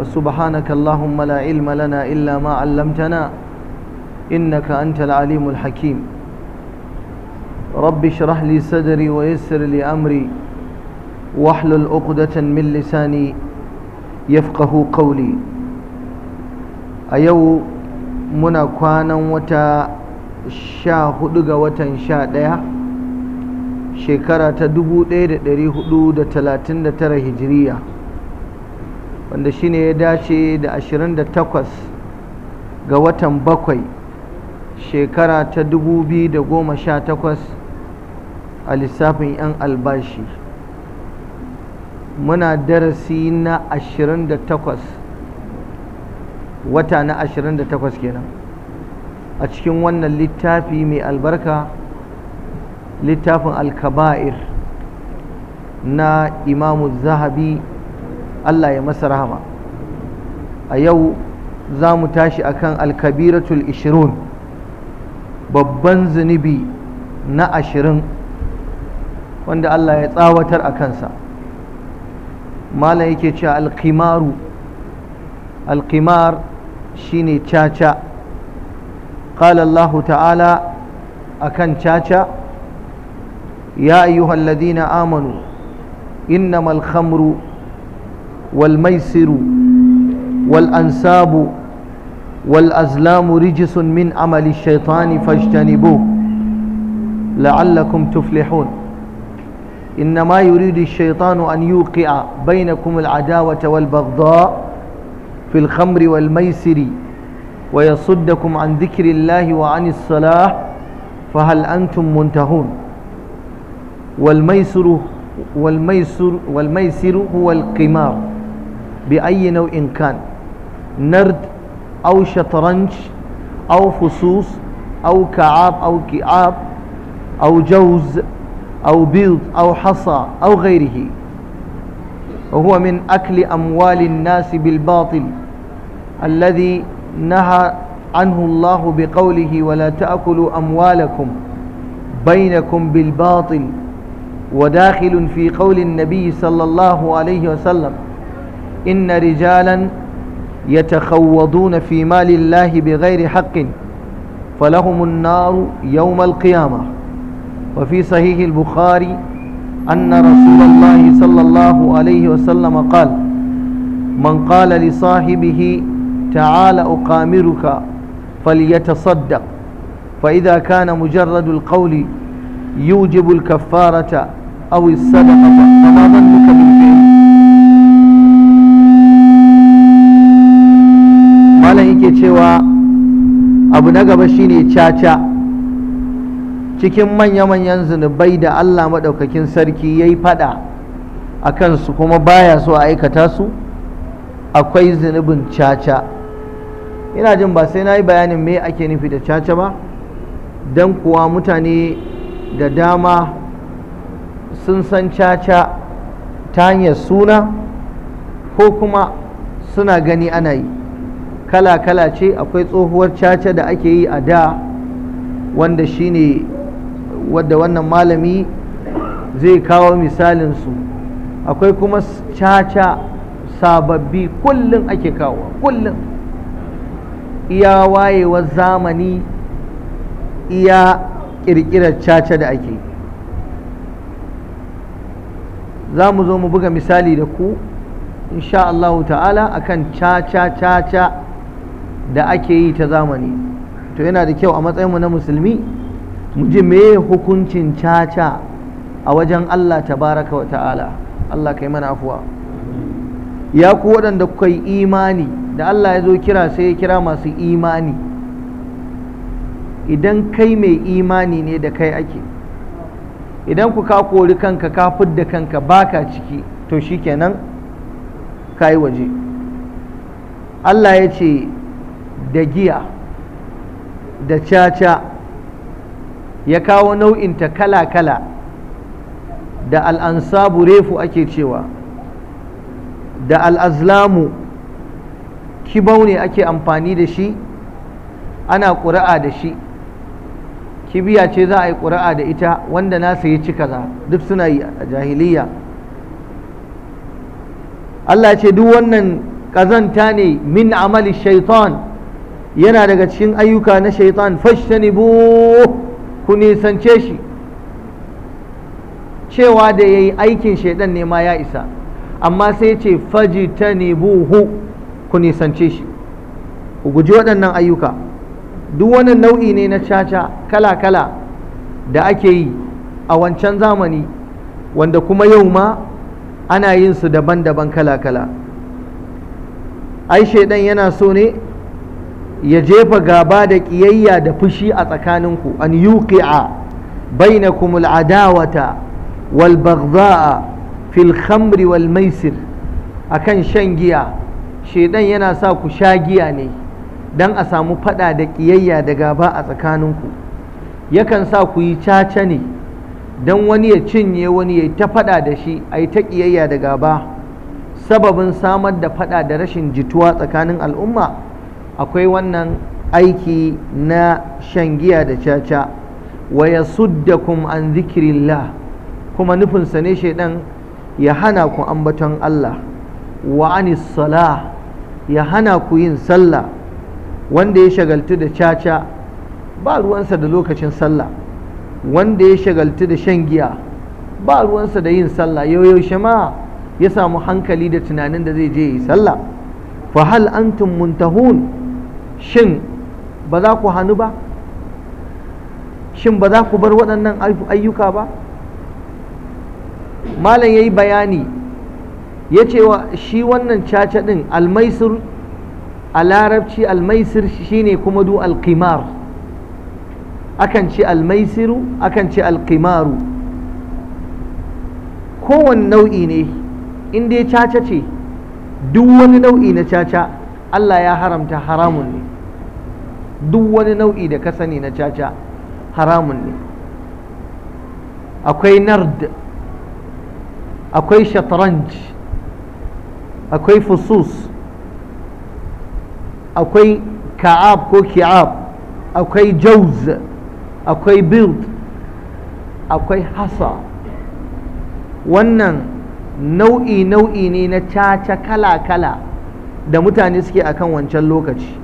وسبحانك اللهم لا علم لنا إلا ما علمتنا إنك أنت العليم الحكيم رب اشرح لي صدري ويسر لي أمري واحلل عقدة من لساني يفقه قولي أيو منا كوانا وتا sha hudu ga watan sha ɗaya shekara ta dubu ɗaya da ɗari hudu da talatin da tara hijiriya wanda shi ne ya dace da 28 ga watan bakwai shekara ta 2018 a lissafin 'yan albashi muna darasi na 28 wata na 28 kenan a cikin wannan littafi mai albarka littafin alkaba'ir na imamu zahabi Allah ya masa rahama a yau za mu tashi akan alkabiratul ishirun babban zunubi na ashirin wanda Allah ya tsawatar a kansa malam yake cewa alkimaru alkimar shine caca qala Allah ta'ala akan caca ya ayyuhal ladina amanu innamal khamru والميسر والأنساب والأزلام رجس من عمل الشيطان فاجتنبوه لعلكم تفلحون إنما يريد الشيطان أن يوقع بينكم العداوة والبغضاء في الخمر والميسر ويصدكم عن ذكر الله وعن الصلاة فهل أنتم منتهون والميسر والميسر والميسر هو القمار بأي نوع كان نرد أو شطرنج أو فصوص أو كعاب أو كعاب أو جوز أو بيض أو حصى أو غيره وهو من أكل أموال الناس بالباطل الذي نهى عنه الله بقوله ولا تأكلوا أموالكم بينكم بالباطل وداخل في قول النبي صلى الله عليه وسلم إن رجالا يتخوضون في مال الله بغير حق فلهم النار يوم القيامة وفي صحيح البخاري أن رسول الله صلى الله عليه وسلم قال من قال لصاحبه تعال أقامرك فليتصدق فإذا كان مجرد القول يوجب الكفارة أو الصدقة فما ظنك بالفعل cewa abu na gaba shine caca cikin manya-manyan zunubai da Allah maɗaukakin sarki ya yi faɗa a kansu kuma baya so a aikata su akwai zunubin caca ina jin ba sai na yi bayanin me ake nufi da caca ba don kuwa mutane da dama sun san caca ta hanyar suna ko kuma suna gani ana yi kala-kala ce akwai tsohuwar caca da ake yi a da wanda shine wadda wannan malami zai kawo misalinsu akwai kuma caca sababbi kullum ake kawo kullum iya wayewar zamani iya ƙirƙirar caca da ake za mu zo mu buga misali da ku insha ta'ala akan caca caca da ake yi ta zamani to yana da kyau a matsayinmu na musulmi mu ji me hukuncin caca a wajen Allah tabaraka wa ta'ala Allah kai mana afuwa ya ku waɗanda kuka yi imani da Allah ya zo kira sai ya kira masu imani idan kai mai imani ne da kai ake idan ku ka kori kanka ka fidda kanka baka ciki to shikenan ka yi waje Allah ya ce da giya da caca ya kawo nau'inta kala-kala da al'ansabu refu ake cewa da al'azlamu kibau ne ake amfani da shi ana ƙuri'a da shi kibiya ce za a yi ƙuri'a da ita wanda nasa ya ci kaza duk suna yi a jahiliya Allah ce duk wannan ƙazanta ne min amali shaitan yana daga cikin ayyuka na shaitan fashtanibu ku nisance shi cewa da ya yi aikin shaidan ne ma ya isa amma sai ce fajitanibuhu ku nisance shi ku guji waɗannan ayyuka duk wani nau'i ne na caca kala-kala da ake yi a wancan zamani wanda kuma yau ma ana yin su daban-daban kala-kala ai shaidan yana so ne ya jefa gaba da ƙiyayya da fushi a tsakaninku an yuqi'a bainakum al'adawata wal baghdha'a fil khamri wal maisir akan shan giya shedan yana sa ku sha giya ne dan a samu fada da ƙiyayya da gaba a tsakaninku yakan sa ku yi caca ne dan wani ya cinye wani ya ta fada da shi a yi ta ƙiyayya da gaba sababin samar da fada da rashin jituwa tsakanin al'umma akwai wannan aiki na shan giya da caca wa kuma an zikirillah kuma nufinsa ne shaidan ya hana ku ambaton Allah wa anis ya hana ku yin sallah wanda ya shagaltu da caca ba ruwansa da lokacin sallah wanda ya shagaltu da shan giya ba ruwansa da yin sallah yau yaushe ma ya samu hankali da tunanin da zai je yi sallah fa hal antum muntahun shin ba za ku hannu ba shin ba za ku bar waɗannan ayyuka ba malam ya yi bayani ya ce wa shi wannan caca ɗin almaisir a larabci almaisir ne kuma du alkimar akan ce almaisiru akan ce alkimaru kowane nau'i ne inda ya caca ce duk wani nau'i na caca Allah ya haramta haramun ne duk wani nau'i da ka sani na caca haramun ne akwai nard akwai shatranj akwai fusus akwai ka'ab ko ki'ab akwai jauz akwai bild akwai hasa wannan nau'i nau'i ne na caca kala-kala da mutane suke akan wancan lokaci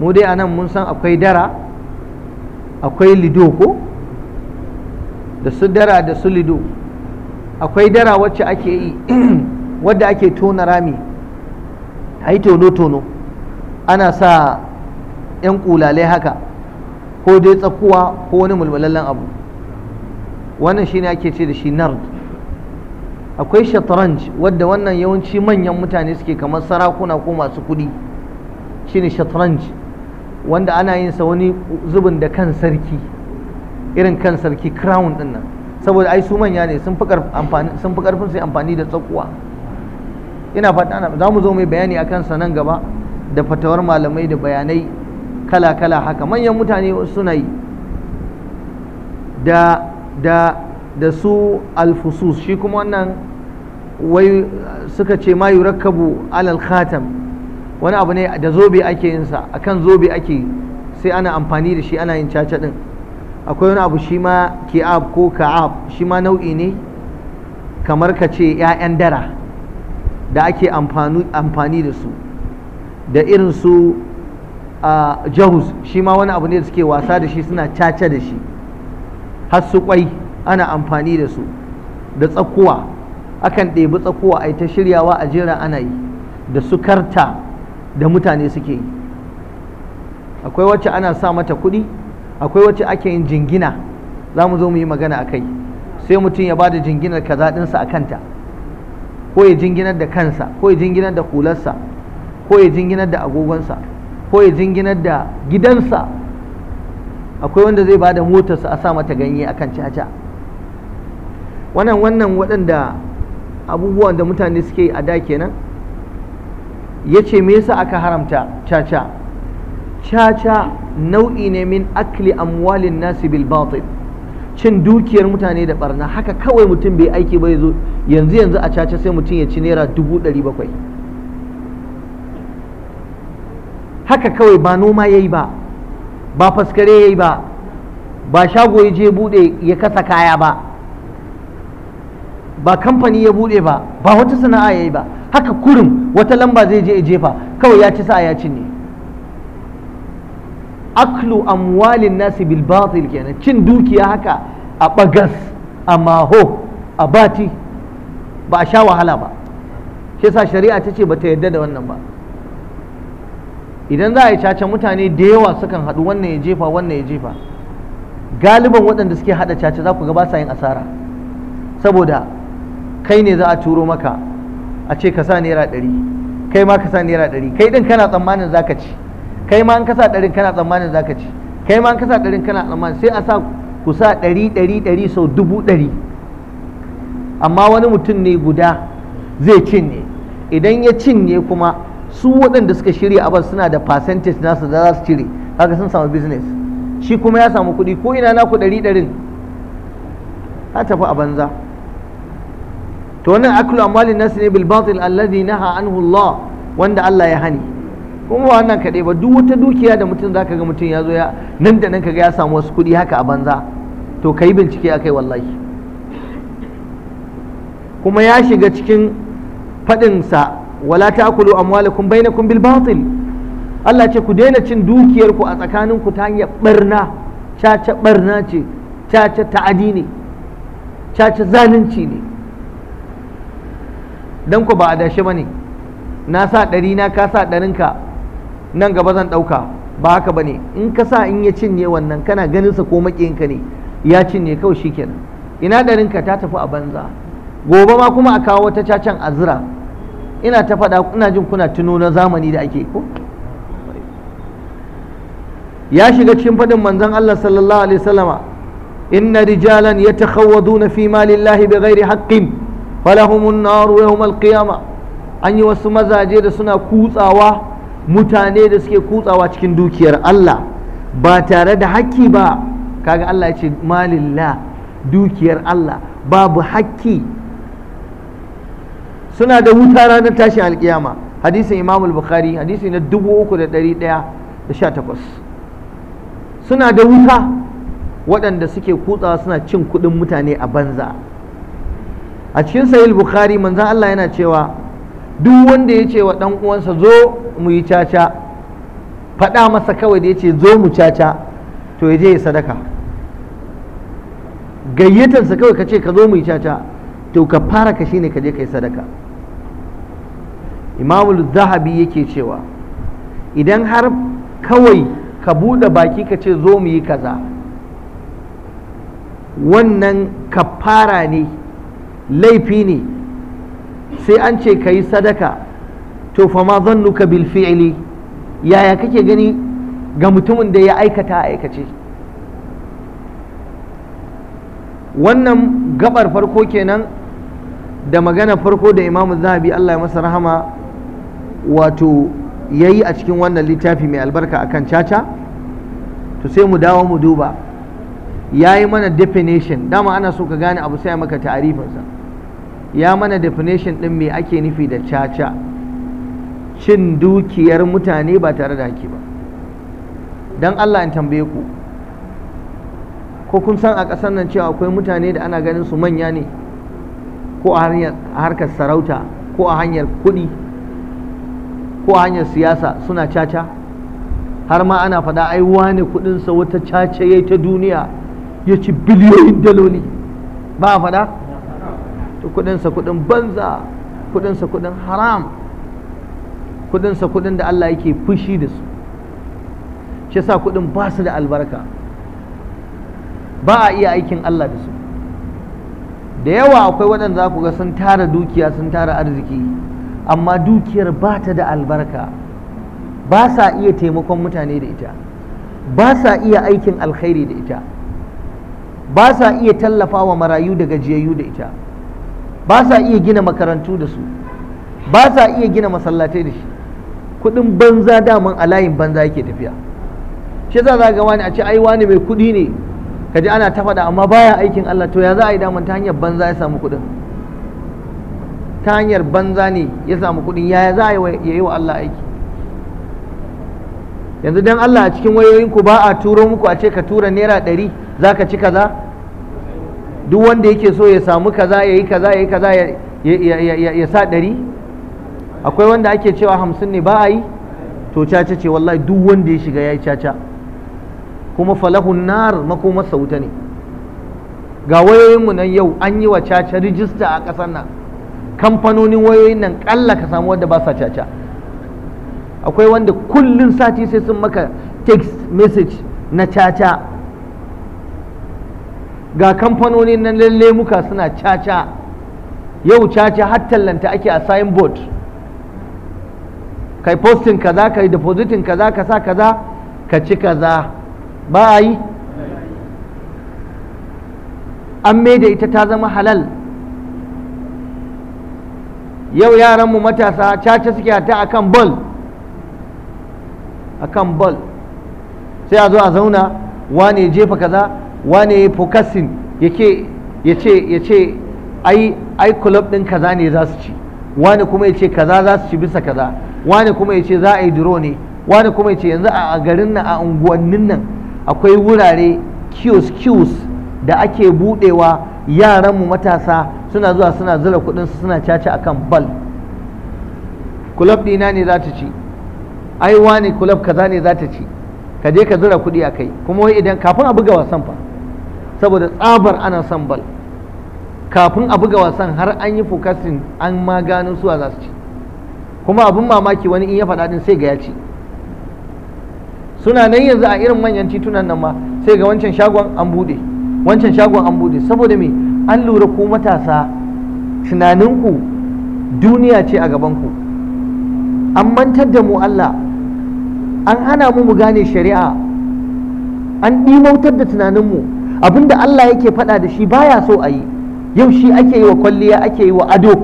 mu dai anan mun san akwai dara akwai lido ko da su dara da su lido akwai dara wacce ake yi wadda ake tona rami a yi tono-tono ana sa 'yan kulalai haka ko dai tsakuwa ko wani mulmulallen abu wannan shine ake ce da shi nard akwai shatranj wadda wannan yawanci manyan mutane suke kamar sarakuna ko masu kudi shine shatranj wanda ana yin sa wani zubin da kan sarki irin kan sarki crown din nan saboda ai su manya ne sun fi karfin su amfani da tsakuwa ina fata za mu zo mai bayani akan sa nan gaba da fatawar malamai da bayanai kala-kala haka manyan mutane suna yi da da da su alfusus shi kuma wannan wai suka ce ma yurakkabu alal khatam wani abu ne da zobe ake yin sa akan zobe ake sai ana amfani da shi ana yin caca din akwai wani abu shi ma ki'ab ko ka'ab shi ma nau'i ne kamar ka ce 'ya'yan dara da ake amfani da su da irin su a jahus shi ma wani abu ne da suke wasa da shi suna caca da shi har su kwai ana amfani da su da tsakuwa akan ɗebi tsakuwa a ta shiryawa a jera ana yi da su karta da mutane suke yi akwai wacce ana sa mata kuɗi akwai wacce ake yin jingina za mu zo mu yi magana a kai sai mutum ya ba da jinginar kaza ɗinsa a kanta ko ya jinginar da kansa ko ya jinginar da hularsa ko ya jinginar da agogonsa ko ya jinginar da gidansa akwai wanda zai ba da motarsa a sa mata ganye a kan caca wannan wannan waɗanda abubuwan da mutane suke yi a da kenan ya ce me yasa aka haramta caca caca nau'i ne min akli amwalin nasi bil batil cin dukiyar mutane da barna haka kawai mutum bai aiki ba yanzu yanzu a caca sai mutum ya ci naira dubu ɗari bakwai haka kawai ba noma ya yi ba ba faskare ya yi ba ba shago ya je bude ya kasa kaya ba ba kamfani ya bude ba ba wata sana'a ya yi ba haka kurin wata lamba zai je jefa kawai ya ci sa ya cinye aklu amwalin nasi bil batil kenan cin dukiya haka a bagas a maho a bati ba a sha wahala ba shi sa shari'a ta ce ba ta yarda da wannan ba idan za a yi caca mutane da yawa sukan haɗu wannan ya jefa wannan ya jefa galiban waɗanda suke haɗa caca za ku ga ba yin asara saboda kai ne za a turo maka a ce ka sa naira ɗari kai ma ka sa naira ɗari kai ɗin kana tsammanin za ka ci kai ma an kasa ɗarin kana tsammanin za ka ci kai ma an kasa ɗarin kana tsammanin sai a sa ku sa ɗari ɗari ɗari sau dubu ɗari amma wani mutum ne guda zai cinye idan ya cinye kuma su waɗanda suka shirya abar suna da percentage nasu da za su cire haka sun samu business shi kuma ya samu kuɗi ko ina naku ɗari ɗarin ta tafi a banza to wannan akulu amwalin nasu ne bilbatil batil alladhi naha anhu Allah wanda Allah ya hani kuma wannan kaɗai ba duk wata dukiya da mutum zaka ga mutum ya zo ya nan da nan kaga ya samu wasu kuɗi haka a banza to kai bincike akai wallahi kuma ya shiga cikin faɗinsa wala ta ta'kulu amwalakum bainakum bil batil Allah ce ku daina cin dukiyarku a tsakanin ku ta hanyar barna caca barna ce caca ta'adi ne caca zalunci ne don ku ba a dashi ba ne na sa ɗari na ka sa ɗarinka nan gaba zan ɗauka ba haka ba ne in ka sa in ya cinye wannan kana ganin sa ko maƙiyinka ne ya cinye kawai shi kenan ina ɗarinka ta tafi a banza gobe ma kuma a kawo wata cacan azura ina ta faɗa ina jin kuna tuno na zamani da ake ko ya shiga cikin faɗin manzon Allah sallallahu alaihi wasallama inna rijalan yatakhawwaduna fi malillahi bighairi haqqin falahumun naru yawmal qiyama an yi wasu mazaje da suna kutsawa mutane da suke kutsawa cikin dukiyar Allah ba tare da hakki ba kaga Allah ya ce malillah dukiyar Allah babu hakki suna da wuta ranar tashin alkiyama hadisin imam bukhari hadisi na 3118 suna da wuta waɗanda suke kutsawa suna cin kuɗin mutane a banza a cikin sahih bukhari manzon Allah yana cewa duk wanda ya ce wa dan uwansa zo mu yi caca faɗa masa kawai da ya ce zo mu caca to ya je ya sadaka gayyatansa kawai ka ce ka zo mu yi caca to ka fara ka shine ka je ka yi sadaka imamul zahabi yake cewa idan har kawai ka buɗe baki ka ce zo mu yi kaza wannan kafara ne laifi ne sai an ce ka yi sadaka to fa ma nuka bil fi'li yaya kake gani ga mutumin da ya aikata a aikace wannan gabar farko kenan da magana farko da imamu zahabi Allah ya masa rahama wato ya yi a cikin wannan littafi mai albarka akan caca to sai mu dawo mu duba ya yi mana definition dama ana so ka gane abu sai maka ta'arifinsa ya mana definition ɗin me ake nufi da caca cin dukiyar mutane ba tare da haki ba don Allah in tambaye ku ko kun san a ƙasar nan cewa akwai mutane da ana ganin su manya ne ko a harkar sarauta ko a hanyar kuɗi ko a hanyar siyasa suna caca har ma ana faɗa ai wane kuɗinsa wata caca ya ta duniya ya ci biliyoyin daloli ba a faɗa kudinsa kudin banza kudinsa kudin haram kudinsa kudin da Allah yake fushi da su shi sa kudin ba su da albarka ba a iya aikin Allah da su da yawa akwai waɗanda za ku ga sun tara dukiya sun tara arziki amma dukiyar ba ta da albarka ba sa iya taimakon mutane da ita ba sa iya aikin alkhairi da ita ba sa iya tallafa wa marayu da gajiyayyu da ita ba sa iya gina makarantu da su ba sa iya gina masallatai da shi kudin banza daman a layin banza yake tafiya shi za za ga wani a ce ai wani mai kudi ne ka ji ana ta faɗa amma baya aikin Allah to ya za a yi daman ta hanyar banza ya samu kudin ta hanyar banza ne ya samu kudin yaya za a yi wa Allah aiki yanzu dan Allah a cikin wayoyinku ba a turo muku a ce ka tura naira ɗari za ka ci kaza duk wanda yake so ya samu kaza ya yi kaza ya yi kaza ya sa ɗari akwai wanda ake cewa hamsin ne ba a yi to caca ce wallahi duk wanda ya shiga ya yi caca kuma falahun nar makomar wuta ne ga wayoyinmu nan yau an yi wa caca rijista a ƙasar nan kamfanonin wayoyin nan ƙalla ka samu wanda ba sa caca akwai wanda kullum sati sai sun maka text message na caca ga kamfanoni na lalle muka suna caca yau caca har tallanta ake a signboard kai posting kaza kai depositing kaza ka sa kaza ka ci kaza ba a yi an da ita ta zama halal yau yaranmu matasa caca suke hata akan ball akan ball sai a zo a zauna wane jefa kaza wane yake ya ce ai club din kaza ne za su ci wane kuma ya ce kaza za su ci bisa kaza wane kuma ya ce za a yi duro ne wane kuma ya ce yanzu a garin nan a unguwannin nan akwai wurare kiosk kiosk da ake budewa yaranmu matasa suna zuwa suna zura kudin suna caca akan bal kulab dina ne za ta ci ai wane club kaza ne za ta ci ka je ka zura kudi a kai kuma wai idan kafin a buga wasan fa saboda tsabar ana son bal kafin a buga wasan har an yi fokasin an ma gano suwa za su ci kuma abin mamaki wani in ya faɗa din sai ga ya ci suna nan yanzu a irin manyan titunan nan ma sai ga wancan shagon an buɗe wancan shagon an buɗe saboda me an lura ku matasa tunaninku duniya ce a gabanku an mantar da mu Allah an hana mu mu gane shari'a an ɗimautar da tunaninmu abinda Allah yake faɗa da shi baya so a yi yau shi ake yi wa kwalliya ake yi wa ado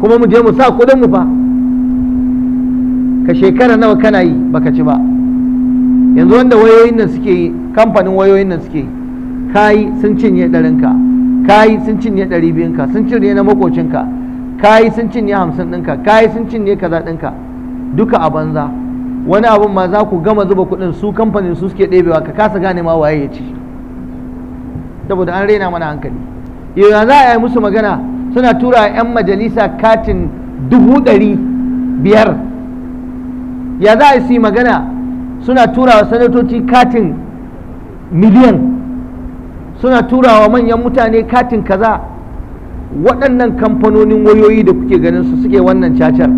kuma mu je mu sa kuɗin mu fa ka shekara nawa kana yi baka ci ba yanzu wanda wayoyin nan suke yi kamfanin wayoyin nan suke yi kayi sun cinye ɗarinka kayi sun cinye ɗari biyunka sun cinye na makocinka kayi sun cinye hamsin ɗinka kayi sun cinye kaza ɗinka duka a banza wani abun ma za ku gama zuba kudin su kamfanin su suke ɗebewa ka kasa gane ma waye ya ci saboda an raina mana hankali yau za a yi musu magana suna tura 'yan majalisa katin dubu ɗari biyar ya za a yi magana suna tura wa sanatoci katin miliyan suna tura wa manyan mutane katin kaza waɗannan kamfanonin wayoyi da kuke ganin su suke wannan cacar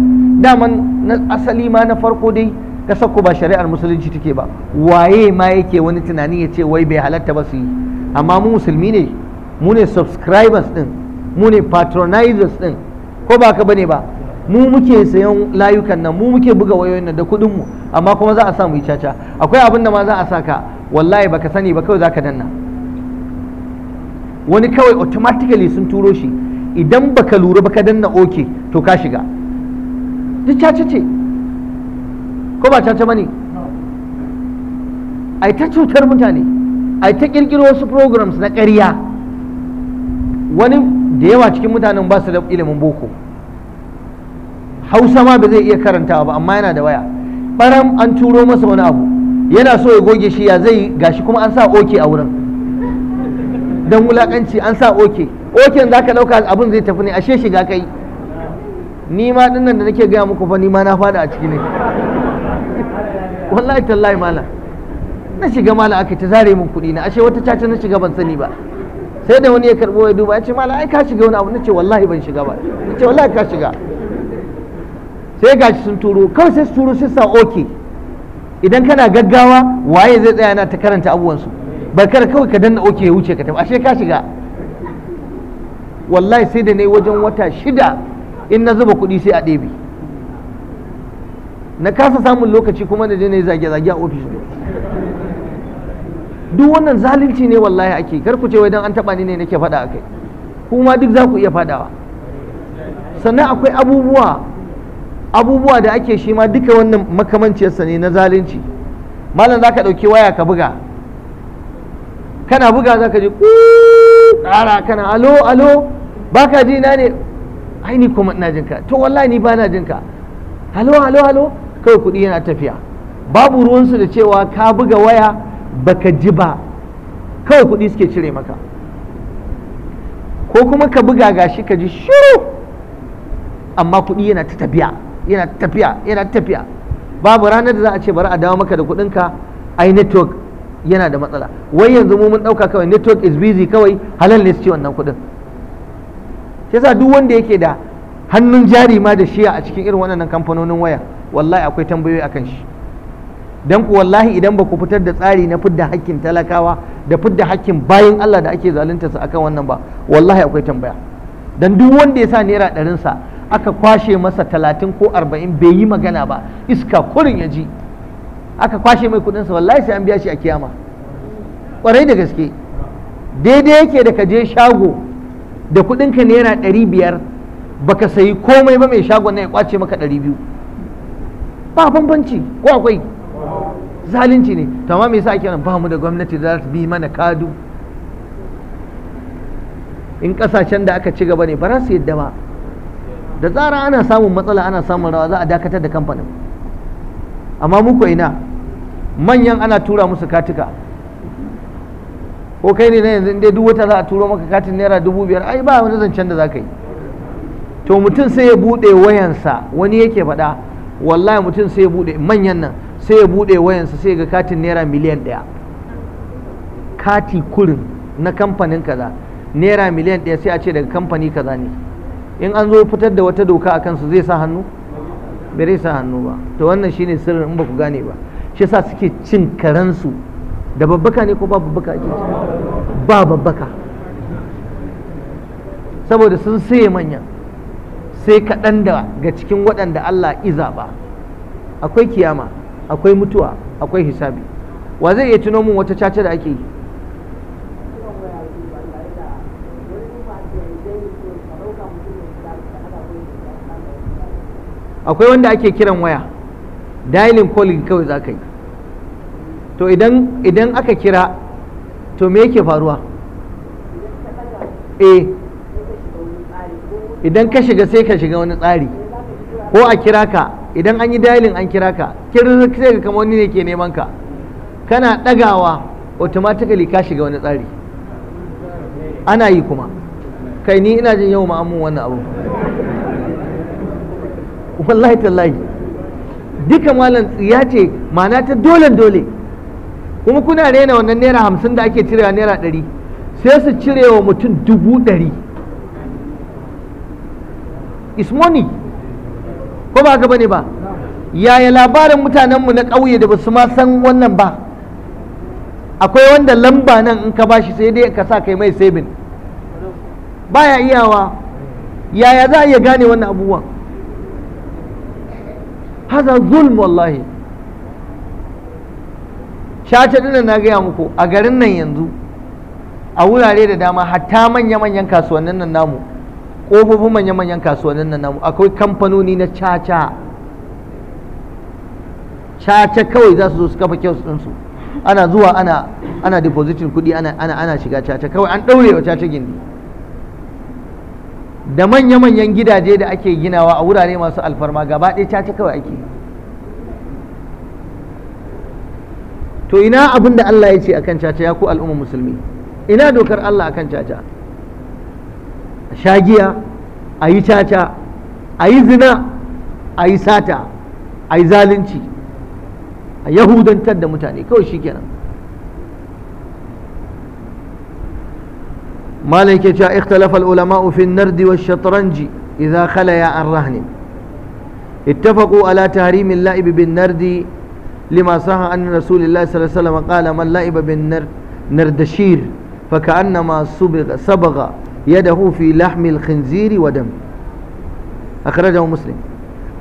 daman na asali ma na farko dai kasar ku ba shari'ar musulunci take ba waye ma yake wani tunani ya ce wai bai halatta ba su yi amma mu musulmi ne mu ne subscribers din mu ne patronizers din ko ba ka bane ba mu muke sayan layukan nan mu muke buga wayoyin nan da kuɗin mu amma kuma za a sa mu yi caca akwai abin da ma za a saka wallahi baka sani ba kawai zaka danna wani kawai automatically sun turo shi idan baka lura baka danna oke to ka shiga duk caca ce ko ba caca bane a ta cutar mutane a ta kirkiro wasu programs na ƙarya wani da yawa cikin mutanen ba su da ilimin boko hausa ma ba zai iya karantawa ba amma yana da waya baram an turo masa wani abu yana so ya goge shi ya zai gashi kuma an sa oke a wurin don wulaƙanci an sa oke oken za ka ɗauka abin zai tafi ne ashe shiga kai ni ma dinnan da nake gaya muku fa ni ma na fada a ciki ne wallahi tallahi malam na shiga malam aka ta zare min kuɗi na ashe wata caca na shiga ban sani ba sai da wani ya karɓo ya duba ya ce malam ai ka shiga wani abu na ce wallahi ban shiga ba na ce wallahi ka shiga sai gashi sun turo kawai sai su turo sai sa oke idan kana gaggawa waye zai tsaya na ta karanta abubuwansu Barkar kawai ka danna oke ya wuce ka tafi ashe ka shiga wallahi sai da na yi wajen wata shida in na zuba kuɗi sai a ɗebe na kasa samun lokaci kuma na je na yi zage-zage a ofis duk wannan zalunci ne wallahi ake kar ku ce wai dan an taba ni ne nake faɗa kai. kuma duk za ku iya faɗawa sannan akwai abubuwa abubuwa da ake shi ma duka wannan makamanciyarsa ne na zalunci malam za ka ɗauki waya ka buga kana buga za ka ji ƙara kana alo alo ba ka ji na ne ai ni kuma ina jinka to wallahi ni ba na jinka alo alo alo kawai kuɗi yana tafiya babu ruwansu da cewa ka buga waya baka ji ba kawai kuɗi suke cire maka ko kuma ka buga gashi ka ji shiru amma kuɗi yana ta tafiya yana tafiya yana tafiya babu ranar da za a ce bari a dawo maka da kuɗinka ai network yana da matsala wai yanzu mu mun ɗauka kawai network is busy kawai halal ne su ce wannan kuɗin shi yasa duk wanda yake da hannun jari ma da shiya a cikin irin waɗannan kamfanonin waya wallahi akwai tambayoyi a kan shi dan ku wallahi idan ba ku fitar da tsari na fidda hakkin talakawa da fidda hakkin bayan Allah da ake zalunta su akan wannan ba wallahi akwai tambaya dan duk wanda ya sa naira ɗarin aka kwashe masa talatin ko arba'in bai yi magana ba iska kurin ya ji aka kwashe mai kuɗinsa wallahi sai an biya shi a kiyama Kwarai da gaske daidai yake da ka je shago da kuɗinka naira ɗari biyar baka sayi komai ba mai shagon na ya kwace maka ɗari biyu ba bambanci ko akwai zalunci ne to amma me yasa ake ba mu da gwamnati da za su bi mana kadu in kasashen da aka ci gaba ne ba za su yadda ba da tsara ana samun matsala ana samun rawa za a dakatar da kamfanin amma muku ina manyan ana tura musu katuka ko kai ne na yanzu in dai duk wata za a turo maka katin naira dubu biyar ai ba wani zancen da za ka yi to mutum sai ya buɗe wayansa wani yake faɗa wallahi mutum sai ya bude manyan nan sai ya bude wayansa sai ga katin naira miliyan ɗaya kati kurin na kamfanin kaza naira miliyan ɗaya sai a ce daga kamfani kaza ne in an zo fitar da wata doka a kansu zai sa hannu bai zai sa hannu ba to wannan shine sirrin in ba ku gane ba shi yasa suke cin karansu da babbaka ne ko ba babbaka ake ba babbaka saboda sun sai manyan sai kaɗan ga cikin waɗanda Allah iza ba akwai kiyama akwai mutuwa akwai hisabi wa zai iya tuno mun wata caca da ake yi akwai wanda ake kiran waya dialing calling kawai za ka yi to idan aka kira to me yake faruwa eh idan ka shiga sai ka shiga wani tsari ko a kira ka idan an yi dalin an kira ka kirin sai ka kama wani ne ke neman ka kana ɗagawa automatically ka shiga wani tsari ana yi kuma kai ni ina jin yau ma'amun wannan abu wallahi tallahi duka malam tsiya ce mana ta dole dole kuma kuna rena wannan naira hamsin da ake cirewa naira ɗari sai su cirewa mutum dubu ɗari is money ko ba haka bane ba yaya labarin mutanenmu na ƙauye da ba su ma san wannan ba akwai wanda lamba nan in ka bashi sai dai ka sa kai mai sabin baya iyawa yaya za a iya gane wannan abubuwan haza zulm wallahi Shata dina na gaya muku a garin nan yanzu a wurare da dama hatta manya-manyan kasuwannin nan namu ƙofofin manya-manyan kasuwannin nan akwai kamfanoni na caca caca kawai za su zo su kafa kyau ɗinsu ana zuwa ana ana depositin kuɗi ana shiga caca kawai an ɗaure wa caca gindi da manya-manyan gidaje da ake ginawa a wurare masu alfarma gaba ɗaya caca kawai ake to ina abin da Allah ya ce akan caca ya ku al'umma musulmi ina dokar Allah akan caca sha giya ayi caca ayi zina ayi sata a yi zalunci a yahudantar da mutane kawai shi kenan malam ke cewa ikhtalafal ulama ufin nardi wa shatranji idza khalaya an rahnin ittafaqu ala tahrimin la'ib bin nardi lima saha an rasulillahi sallallahu alaihi wasallam qala man la'iba bin nardashir fa ka'annama sabaga يده في لحم الخنزير ودم أخرجه مسلم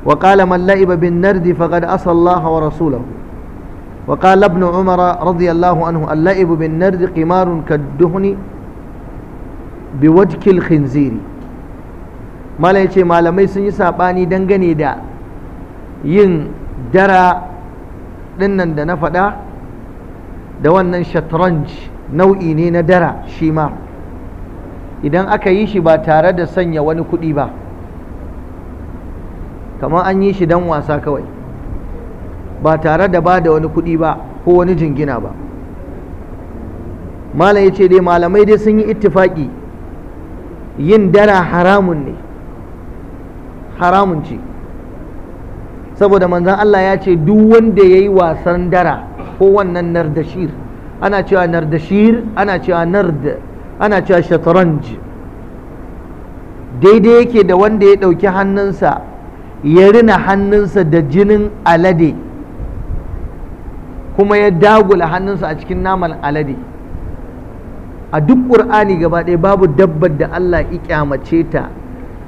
وقال من لعب بالنرد فقد أسى الله ورسوله وقال ابن عمر رضي الله عنه اللعب بالنرد قمار كالدهن بوجك الخنزير ما لا يشي ما لم يسن يساباني دنغني دا ين dara dinnan da na faɗa da wannan shatranj nau'i ne na dara shi ma idan aka yi shi ba tare da sanya wani kuɗi ba kamar an yi shi don wasa kawai ba tare da ba da wani kuɗi ba ko wani jingina ba malam ya ce dai malamai dai sun yi ittifaki yin dara haramun ne haramun ce saboda manzan Allah ya ce duk wanda ya yi wasan dara ko wannan nardashir ana cewa nardashir ana cewa nard ana cewa shatranj daidai yake da wanda ya ɗauki hannunsa ya rina hannunsa da jinin alade kuma ya dagula hannunsa a cikin naman alade a duk ƙur'ani gaba ɗaya babu dabbar da Allah ya kyamace ta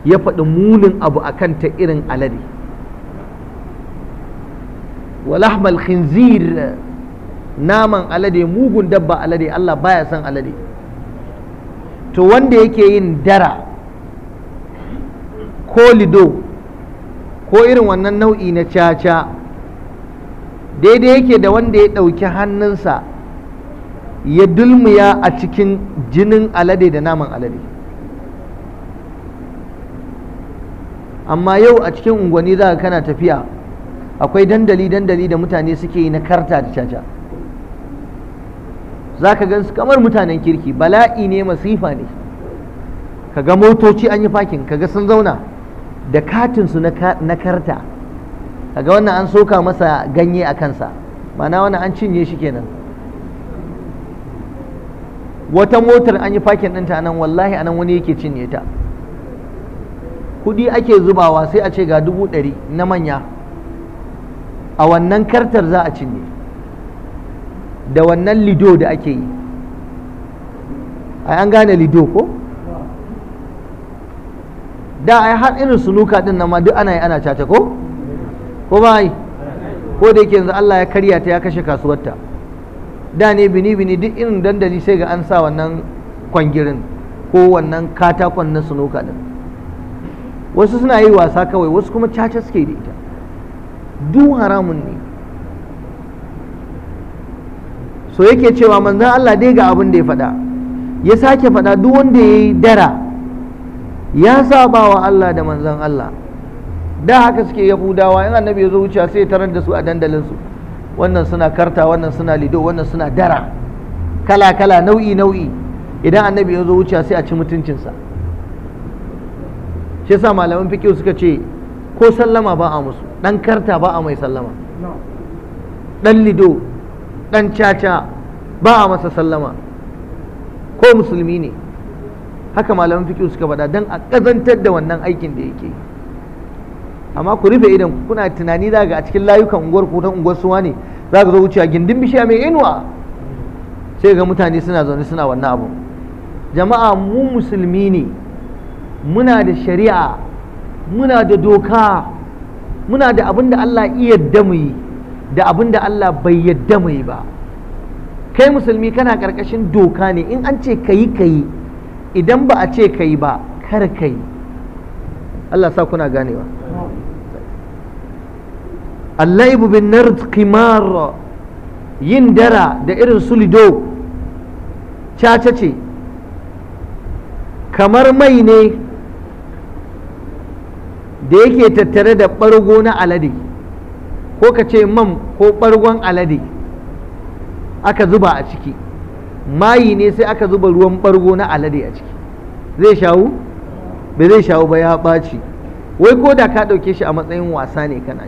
ya faɗi munin abu a kanta irin alade walahmal khinzir naman alade mugun dabba alade Allah baya son alade to wanda yake yin dara ko lido ko irin wannan nau'i na caca daidai yake da wanda ya ɗauki hannunsa ya dulmiya a cikin jinin alade da naman alade amma yau a cikin unguwanni za ka kana tafiya akwai dandali-dandali da mutane suke yi na karta da caca za ka gan su kamar mutanen kirki bala'i ne masifa ne ka ga motoci an yi fakin ka ga sun zauna da katinsu na karta ka ga wannan an soka masa ganye a kansa mana wannan an cinye shi kenan wata motar an yi fakin ɗinta nan wallahi anan wani yake cinye ta kudi ake zubawa sai a ce ga dubu ɗari na manya a wannan kartar za a cinye da wannan lido da ake yi ai an gane lido ko da ai har irin sunuka din nan ma duk ana yi ana caca ko ko ba yi ko da yake yanzu Allah ya karya ta ya kashe kasuwarta da ne bini bini duk irin dandali sai ga an sa wannan kwangirin ko wannan katakon na sunuka din wasu suna yi wasa kawai wasu kuma caca suke da ita duk haramun ne so yake cewa manzan Allah dai ga abin da ya faɗa ya sake faɗa duk wanda ya yi dara ya saba wa Allah da manzan Allah da haka suke yahudawa yana annabi ya zo wuce sai ya tarar da su a dandalinsu wannan suna karta wannan suna lido wannan suna dara kala kala nau'i nau'i idan annabi ya zo wuce sai a ci mutuncinsa shi yasa malaman fiqh suka ce ko sallama ba a musu dan karta ba a mai sallama dan lido ɗan caca ba a masa sallama ko musulmi ne haka malaman fikihu suka faɗa don a ƙazantar da wannan aikin da yake amma ku rufe idan kuna tunani za a cikin layukan unguwar ko ta unguwar suwa ne za ka zo wuce a gindin bishiya mai inuwa sai ga mutane suna zaune suna wannan abu jama'a mu musulmi ne muna da shari'a muna da doka muna da abin da Allah iya da mu yi da abin da Allah bai yadda mai ba kai musulmi kana karkashin doka ne in an ce kayi kayi idan ba a ce kayi ba kar kayi Allah sa kuna ganewa ibu bin nard qimar yin dara da irin sulido caca ce kamar mai ne da yake tattare da ɓargo na alade ko ka ce man ko ɓargon alade aka zuba a ciki mayi ne sai aka zuba ruwan ɓargo na alade a ciki zai shawu bai zai shawu ba ya ɓaci wai ko da ka ɗauke shi a matsayin wasa ne kana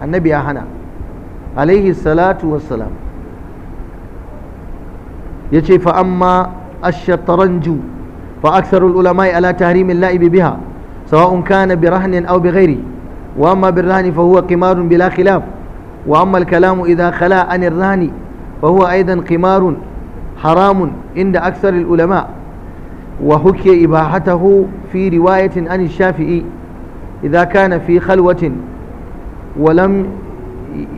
annabi ya hana alaihi salatu wassalam ya ce fa amma ashataranju fa aksarul ulama'i ala tahrimin la'ibi biha sawa'un kana bi rahnin aw bi ghairi وأما بالرهن فهو قمار بلا خلاف وأما الكلام إذا خلا عن الرهن فهو أيضا قمار حرام عند أكثر العلماء وحكي إباحته في رواية عن الشافعي إذا كان في خلوة ولم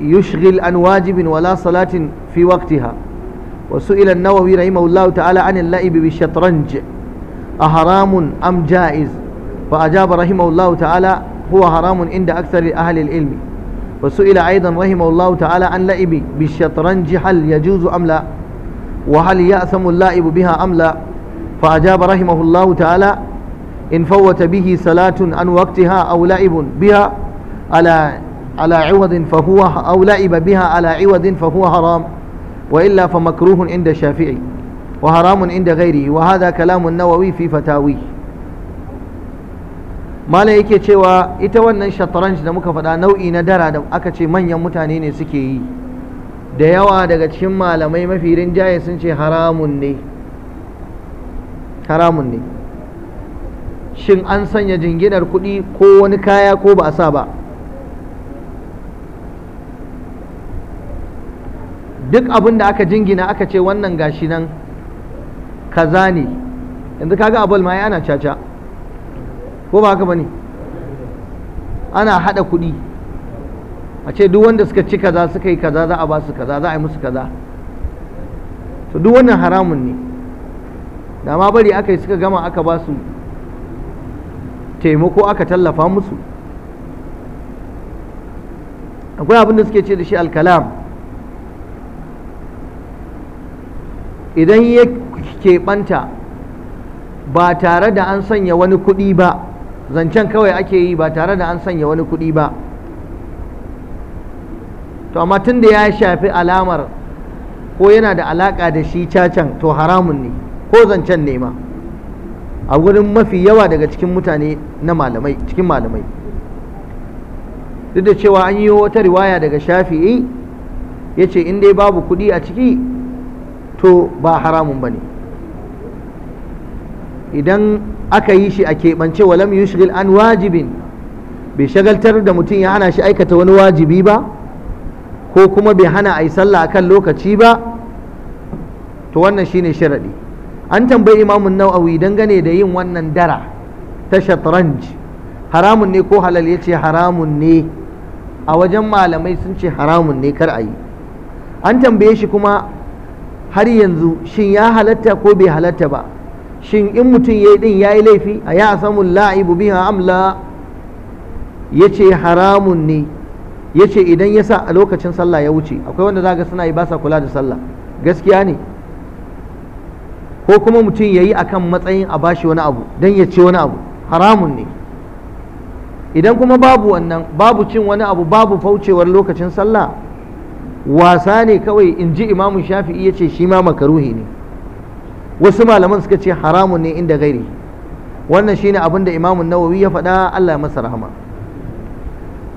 يشغل عن واجب ولا صلاة في وقتها وسئل النووي رحمه الله تعالى عن اللعب بالشطرنج أحرام أم جائز فأجاب رحمه الله تعالى huwa haramun inda aksari ahli ilmi وسئل أيضا رحمه الله تعالى عن لعب بالشطرنج هل يجوز أم لا وهل يأثم اللاعب بها أم لا فأجاب رحمه الله تعالى إن فوت به صلاة عن وقتها أو لعب بها على على عوض فهو أو لعب بها على عوض فهو حرام وإلا فمكروه عند الشافعي وحرام عند غيره وهذا كلام النووي في فتاويه malam yake cewa ita wannan shataranj da muka faɗa nau'i na dara da aka ce manyan mutane ne suke yi da yawa daga cikin malamai mafi rinjaye sun ce haramun ne haramun ne shin an sanya jinginar kuɗi ko wani kaya ko ba a sa ba duk abin da aka jingina aka ce wannan gashi nan kaza ne yanzu kaga abul ma ya ana caca ko ba haka bane ana hada kuɗi a ce duk wanda suka ci kaza suka yi kaza za a ba su kaza za a yi musu kaza to duk wannan haramun ne da ma bari aka yi suka gama aka ba su taimako aka tallafa musu akwai abin da suke ce da shi alkalam idan ya keɓanta ba tare da an sanya wani kuɗi ba zancen kawai ake yi ba tare da an sanya wani kuɗi ba to amma tun da ya shafi alamar ko yana da alaka da shi cacan to haramun ne ko zancen ne ma a wurin mafi yawa daga cikin mutane na malamai cikin malamai duk da cewa an yi wata riwaya daga shafi'i ya ce in dai babu kuɗi a ciki to ba haramun ba ne idan aka yi shi a keɓance walam yushghil an wajibin bai shagaltar da mutum ya hana shi aikata wani wajibi ba ko kuma bai hana a yi sallah a kan lokaci ba to wannan shine sharaɗi an tambayi imamun nau'awi dangane da yin wannan dara ta shatranj haramun ne ko halal ya ce haramun ne a wajen malamai sun ce haramun ne kar a yi an tambaye shi kuma har yanzu shin ya halatta ko bai halatta ba shin in mutum ya yi din ya yi laifi a ya samu la'ibu biha amla ya ce haramun ne ya ce idan ya sa a lokacin sallah ya wuce akwai wanda zaga suna yi ba sa kula da sallah gaskiya ne ko kuma mutum ya yi a kan matsayin a bashi wani abu don ya ce wani abu haramun ne idan kuma babu wannan babu cin wani abu babu faucewar lokacin sallah wasa ne kawai in ji imamu shafi'i ya ce shi ma makaruhi ne wasu malaman suka ce haramun ne inda gairi wannan shine abin da imamun nawawi ya faɗa Allah ya masa rahama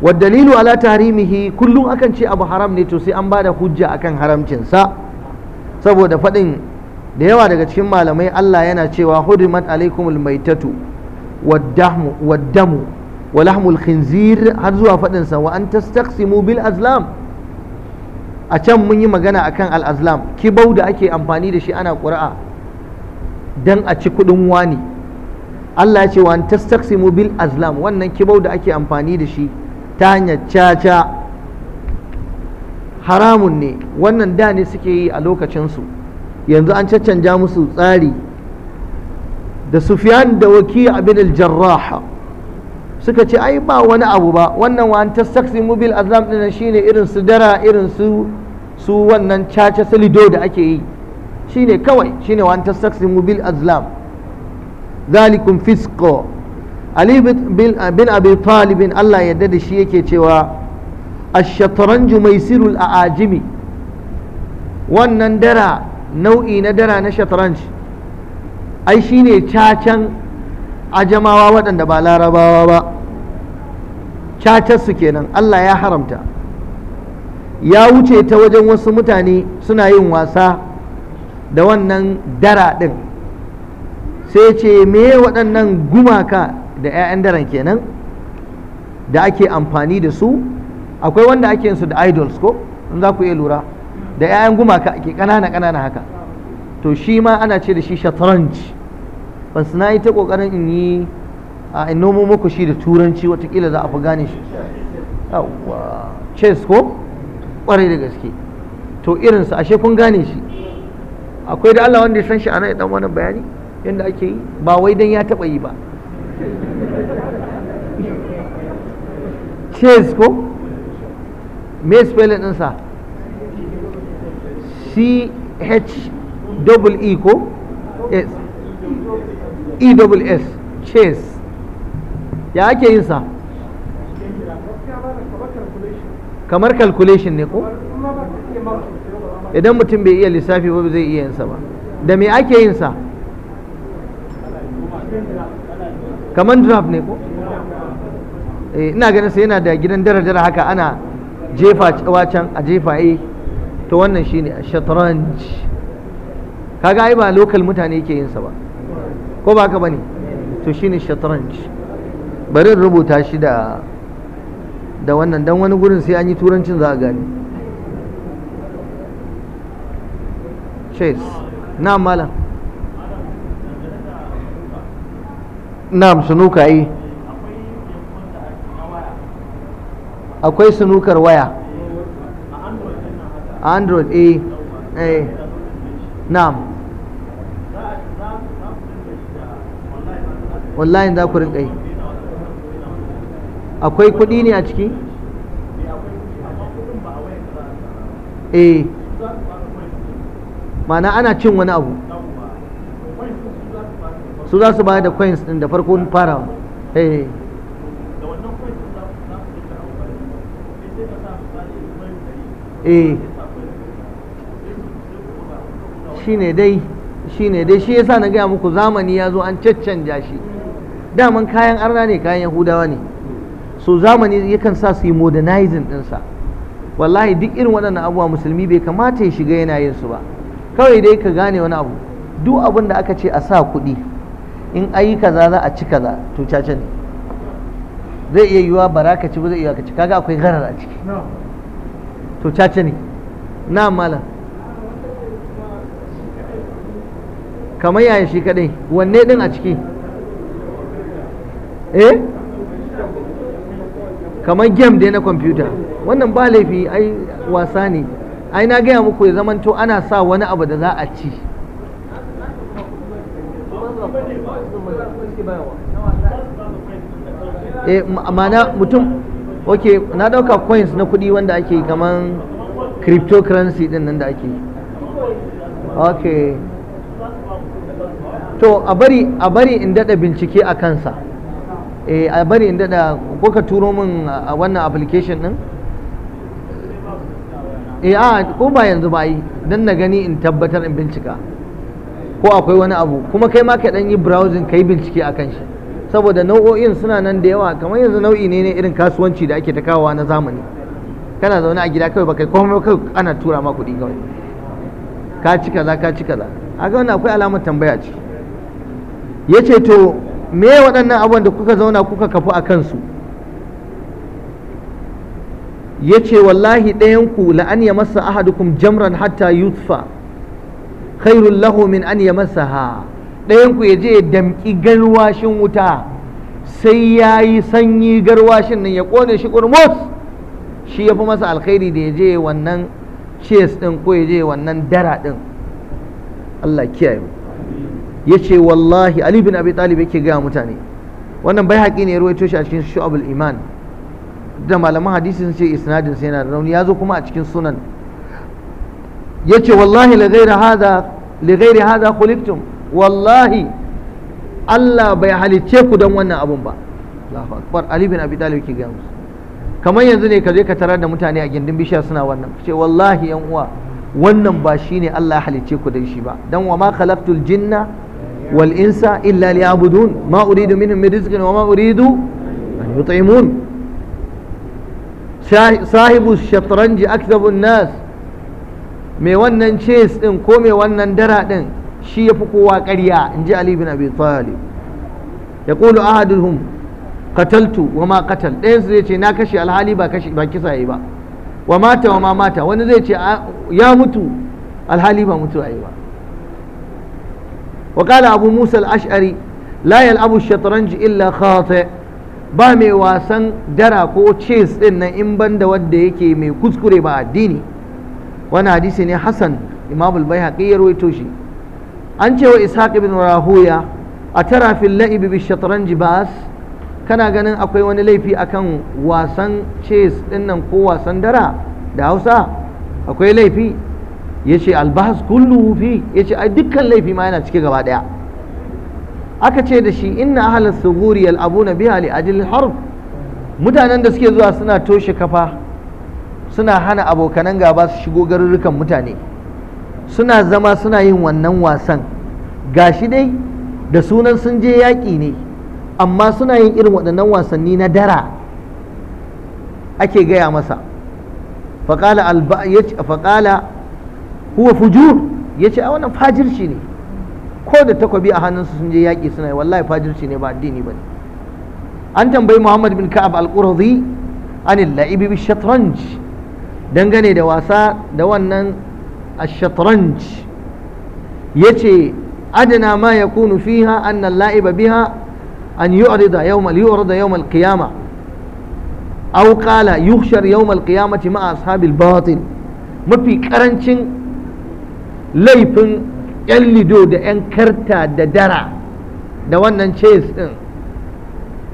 wa dalilu ala tarimihi kullum akan ce abu haram ne to sai an bada hujja akan haramcinsa saboda faɗin da yawa daga cikin malamai Allah yana cewa hudimat alaikum almaitatu, waddahmu waddamu wa lahmul khinzir har zuwa faɗinsa wa an tastaqsimu bil azlam a can mun yi magana akan al azlam kibau da ake amfani da shi ana kuri'a. dan a ci kudin wani Allah ya ce wa tastaqsimu bil azlam wannan kibau da ake amfani da shi ta hanyar caca haramun ne wannan da ne suke yi a lokacinsu yanzu an caccanja musu tsari da sufyan da waki abin al-jarrah suka ce ai ba wani abu ba wannan wa tastaqsimu bil azlam din shine irin su dara irin su su wannan caca salido da ake yi shine kawai shine wa an tastaqsimu bil azlam zalikum fisqo ali bin abi talibin Allah yadda da shi yake cewa ash shatranj maisirul aajimi wannan dara nau'i na dara na shatranj ai shine cacan ajamawa waɗanda ba larabawa ba cacarsu kenan Allah ya haramta ya wuce ta wajen wasu mutane suna yin wasa da wannan dara ɗin sai ce me waɗannan gumaka da 'ya'yan daren kenan da ake amfani da su akwai wanda ake su da idols ko in za ku iya lura da 'ya'yan gumaka ake ƙanana ƙanana haka to shi ma ana ce da shi shatranj bas na yi ta ƙoƙarin in yi a muku shi da turanci watakila za a fi gane shi chess ko ƙwarai da gaske to irinsu ashe kun gane shi akwai da Allah wanda ya san shi ana dan wani bayani yadda ake yi ba wai dan ya taba yi ba chess ko me spelling ɗinsa c h double e, e ko s e double s chess ya ake yin sa kamar calculation ne ko idan mutum bai iya lissafi ba zai iya yinsa ba da me ake yinsa kamar draft ne ko eh, ina ganin sai yana da gidan darajar haka ana jefa wacan a jefa yi to wannan shi ne a shatranj kaga ai ba lokal mutane ke yinsa ba ko ba ka bane to shi ne shatranj bari rubuta shi da wannan don wani gurin sai an yi turancin za a gani chase na malam na'am sunuka yi eh. akwai sunukar waya android eh eh na'am wallahi za ku rinka yi akwai kuɗi ne a ciki eh ma'ana ana cin wani abu su za su bayar da coins din da farko farawa eh, eh. Eh. shine dai shine dai shi na gaya muku zamani ya zo an caccanja shi daman kayan arna ne kayan yahudawa ne so zamani yakan sa su yi modernizing ɗinsa wallahi duk irin waɗannan abuwa musulmi bai kamata ya shiga yanayin su ba kawai dai ka gane wani abu duk abin da aka ce a sa kuɗi in ayi kaza za a ci kaza to caca ne zai iya yiwa bara ka ci ba zai iya ka ci kaga akwai garar a ciki to caca ne na malam kamar yayin shi kadai wanne din a ciki eh kamar game dai na kwamfuta wannan ba laifi ai wasa ne ai na gaya muku ya zamanto ana sa wani abu da za a ci eh ma'ana mutum ok na dauka coins na kudi wanda ake kaman cryptocurrency din nan da ake ok to a bari a bari in dada bincike a kansa eh a bari in dada ko ka turo min wannan application din eh a ko ba yanzu ba yi dan na gani in tabbatar in bincika ko akwai wani abu kuma kai ma ka dan yi browsing kai bincike akan shi saboda nau'o'in suna nan da yawa kamar yanzu nau'i ne ne irin kasuwanci da ake ta kawowa na zamani kana zaune a gida kawai ba kai kuma kai ana tura ma kuɗi kawai ka ci kaza ka ci kaza a ga wannan akwai alamar tambaya ce yace to me waɗannan abubuwan da kuka zauna kuka kafu a kansu ya ce wallahi ɗayanku la'an ya masa ahadukum jamran hatta Yusufa khairun lahu min an ya masa ha ɗayanku ya je ya damƙi garwashin wuta sai ya yi sanyi garwashin nan ya ƙone shi ƙurmus shi ya fi masa alkhairi da ya je wannan ces ɗin ko ya je wannan dara ɗin Allah kiyaye ya ce wallahi Ali bin Abi Talib yake gaya mutane wannan bai haƙi ne ya ruwaito shi a cikin shu'abul iman da malaman hadisi sun ce isnadin sai yana da rauni ya zo kuma a cikin sunan yace wallahi la hada li ghairi hada khuliqtum wallahi Allah bai halicce ku don wannan abun ba Allahu akbar Ali bin Abi Talib ke gaya musu kamar yanzu ne ka je ka tarar da mutane a gindin bishiya suna wannan ce wallahi yan uwa wannan ba shine Allah halicce ku dan shi ba dan wa ma khalaqtul jinna wal insa illa liya'budun ma uridu minhum rizqan wa ma uridu an yut'imun sahibu shatranji akzabun nas mai wannan chase din ko mai wannan dara din shi yafi kowa ƙarya in ji ali bin abi talib ya kulu ahaduhum qataltu wa ma qatal ɗayan su zai ce na kashe alhali ba kashe ba kisa yi ba wa mata wa mata wani zai ce ya mutu alhali ba mutu yi ba wa qala abu musa al-ash'ari la yal'abu ash-shatranj illa khati' ba mai wasan dara ko ches din nan in banda wanda yake mai kuskure ba addini wani hadisi ne hassan imam al-baihaqi ya rawaito shi an ce wa ishaq ibn rahuya a tara fil la'ibi bi shatranji bas kana ganin akwai wani laifi akan wasan ches din nan ko wasan dara da Hausa akwai laifi yace albahas kullu fi yace ai dukkan laifi ma yana cike gaba daya aka ce da shi inna ahalar suguri na biha li ajil harb mutanen da suke zuwa suna toshe kafa suna hana abokanan gaba su shigo garurrukan mutane suna zama suna yin wannan wasan shi dai da sunan sun je yaƙi ne amma suna yin irin waɗannan wasanni na dara ake gaya masa faƙala huwa fujur ya ce a wannan fajirci ne ko da takobi a hannunsu sun je yaƙi suna yi wallahi fajirci ne ba addini ba ne an tambayi muhammad bin ka'ab al-qurdi anil la'ibi bi shatranj dangane da wasa da wannan ash-shatranj yace adana ma yakunu fiha an al-la'iba biha an yu'rida yawm al-yu'rida yawm al-qiyamah aw qala yuhshar yawm al-qiyamati ma ashabil batil mafi karancin laifin 'yan lido da 'yan karta da dara da wannan chase ɗin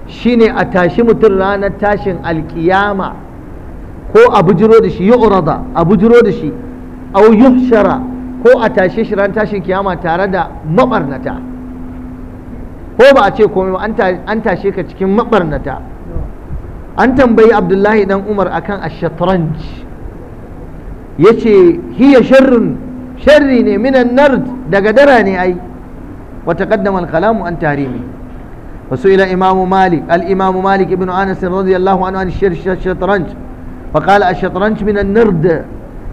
shine a tashi mutum ranar tashin alkiyama ko a bujiro da shi yu'rada a bujiro da shi au yuhshara ko a tashe shi ran tashin kiyama tare da mabarnata ko ba a ce komai ba an tashe ka cikin mabarnata an tambayi abdullahi dan umar akan ash-shatranj yace hiya sharrun sharri ne minan nard daga dara ne ai wa taqaddama al-kalamu an tahrimi وسئل إمام مالك الإمام مالك بن أنس رضي الله عنه عن الشطرنج فقال الشطرنج من النرد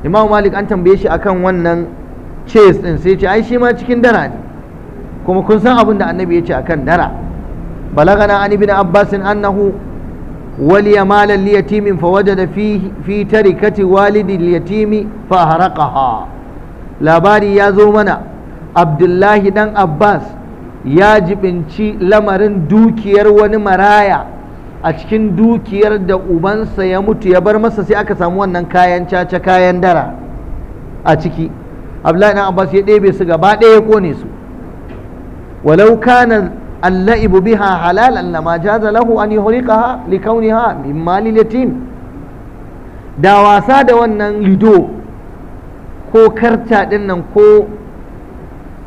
إمام مالك أنت بيشي أكن ونن تشيس إن سيتي أي شيء ما تكن درا كما كن سان أبن دا النبي يتي أكن درا بلغنا عن ابن عباس أنه ولي مالا ليتيم فوجد فيه في تركة والد اليتيم فأهرقها labari ya zo mana abdullahi dan abbas ya jibinci lamarin dukiyar wani maraya a cikin dukiyar da ubansa ya mutu ya bar masa sai aka samu wannan kayan caca kayan dara a ciki abdullahi dan abbas ya ɗebe su gaba ɗaya ya kone su walau kana alla'ibu biha halalan lama jaza lahu an yuhriqaha likawniha min malil yatim da wasa da wannan lido ko karta din nan ko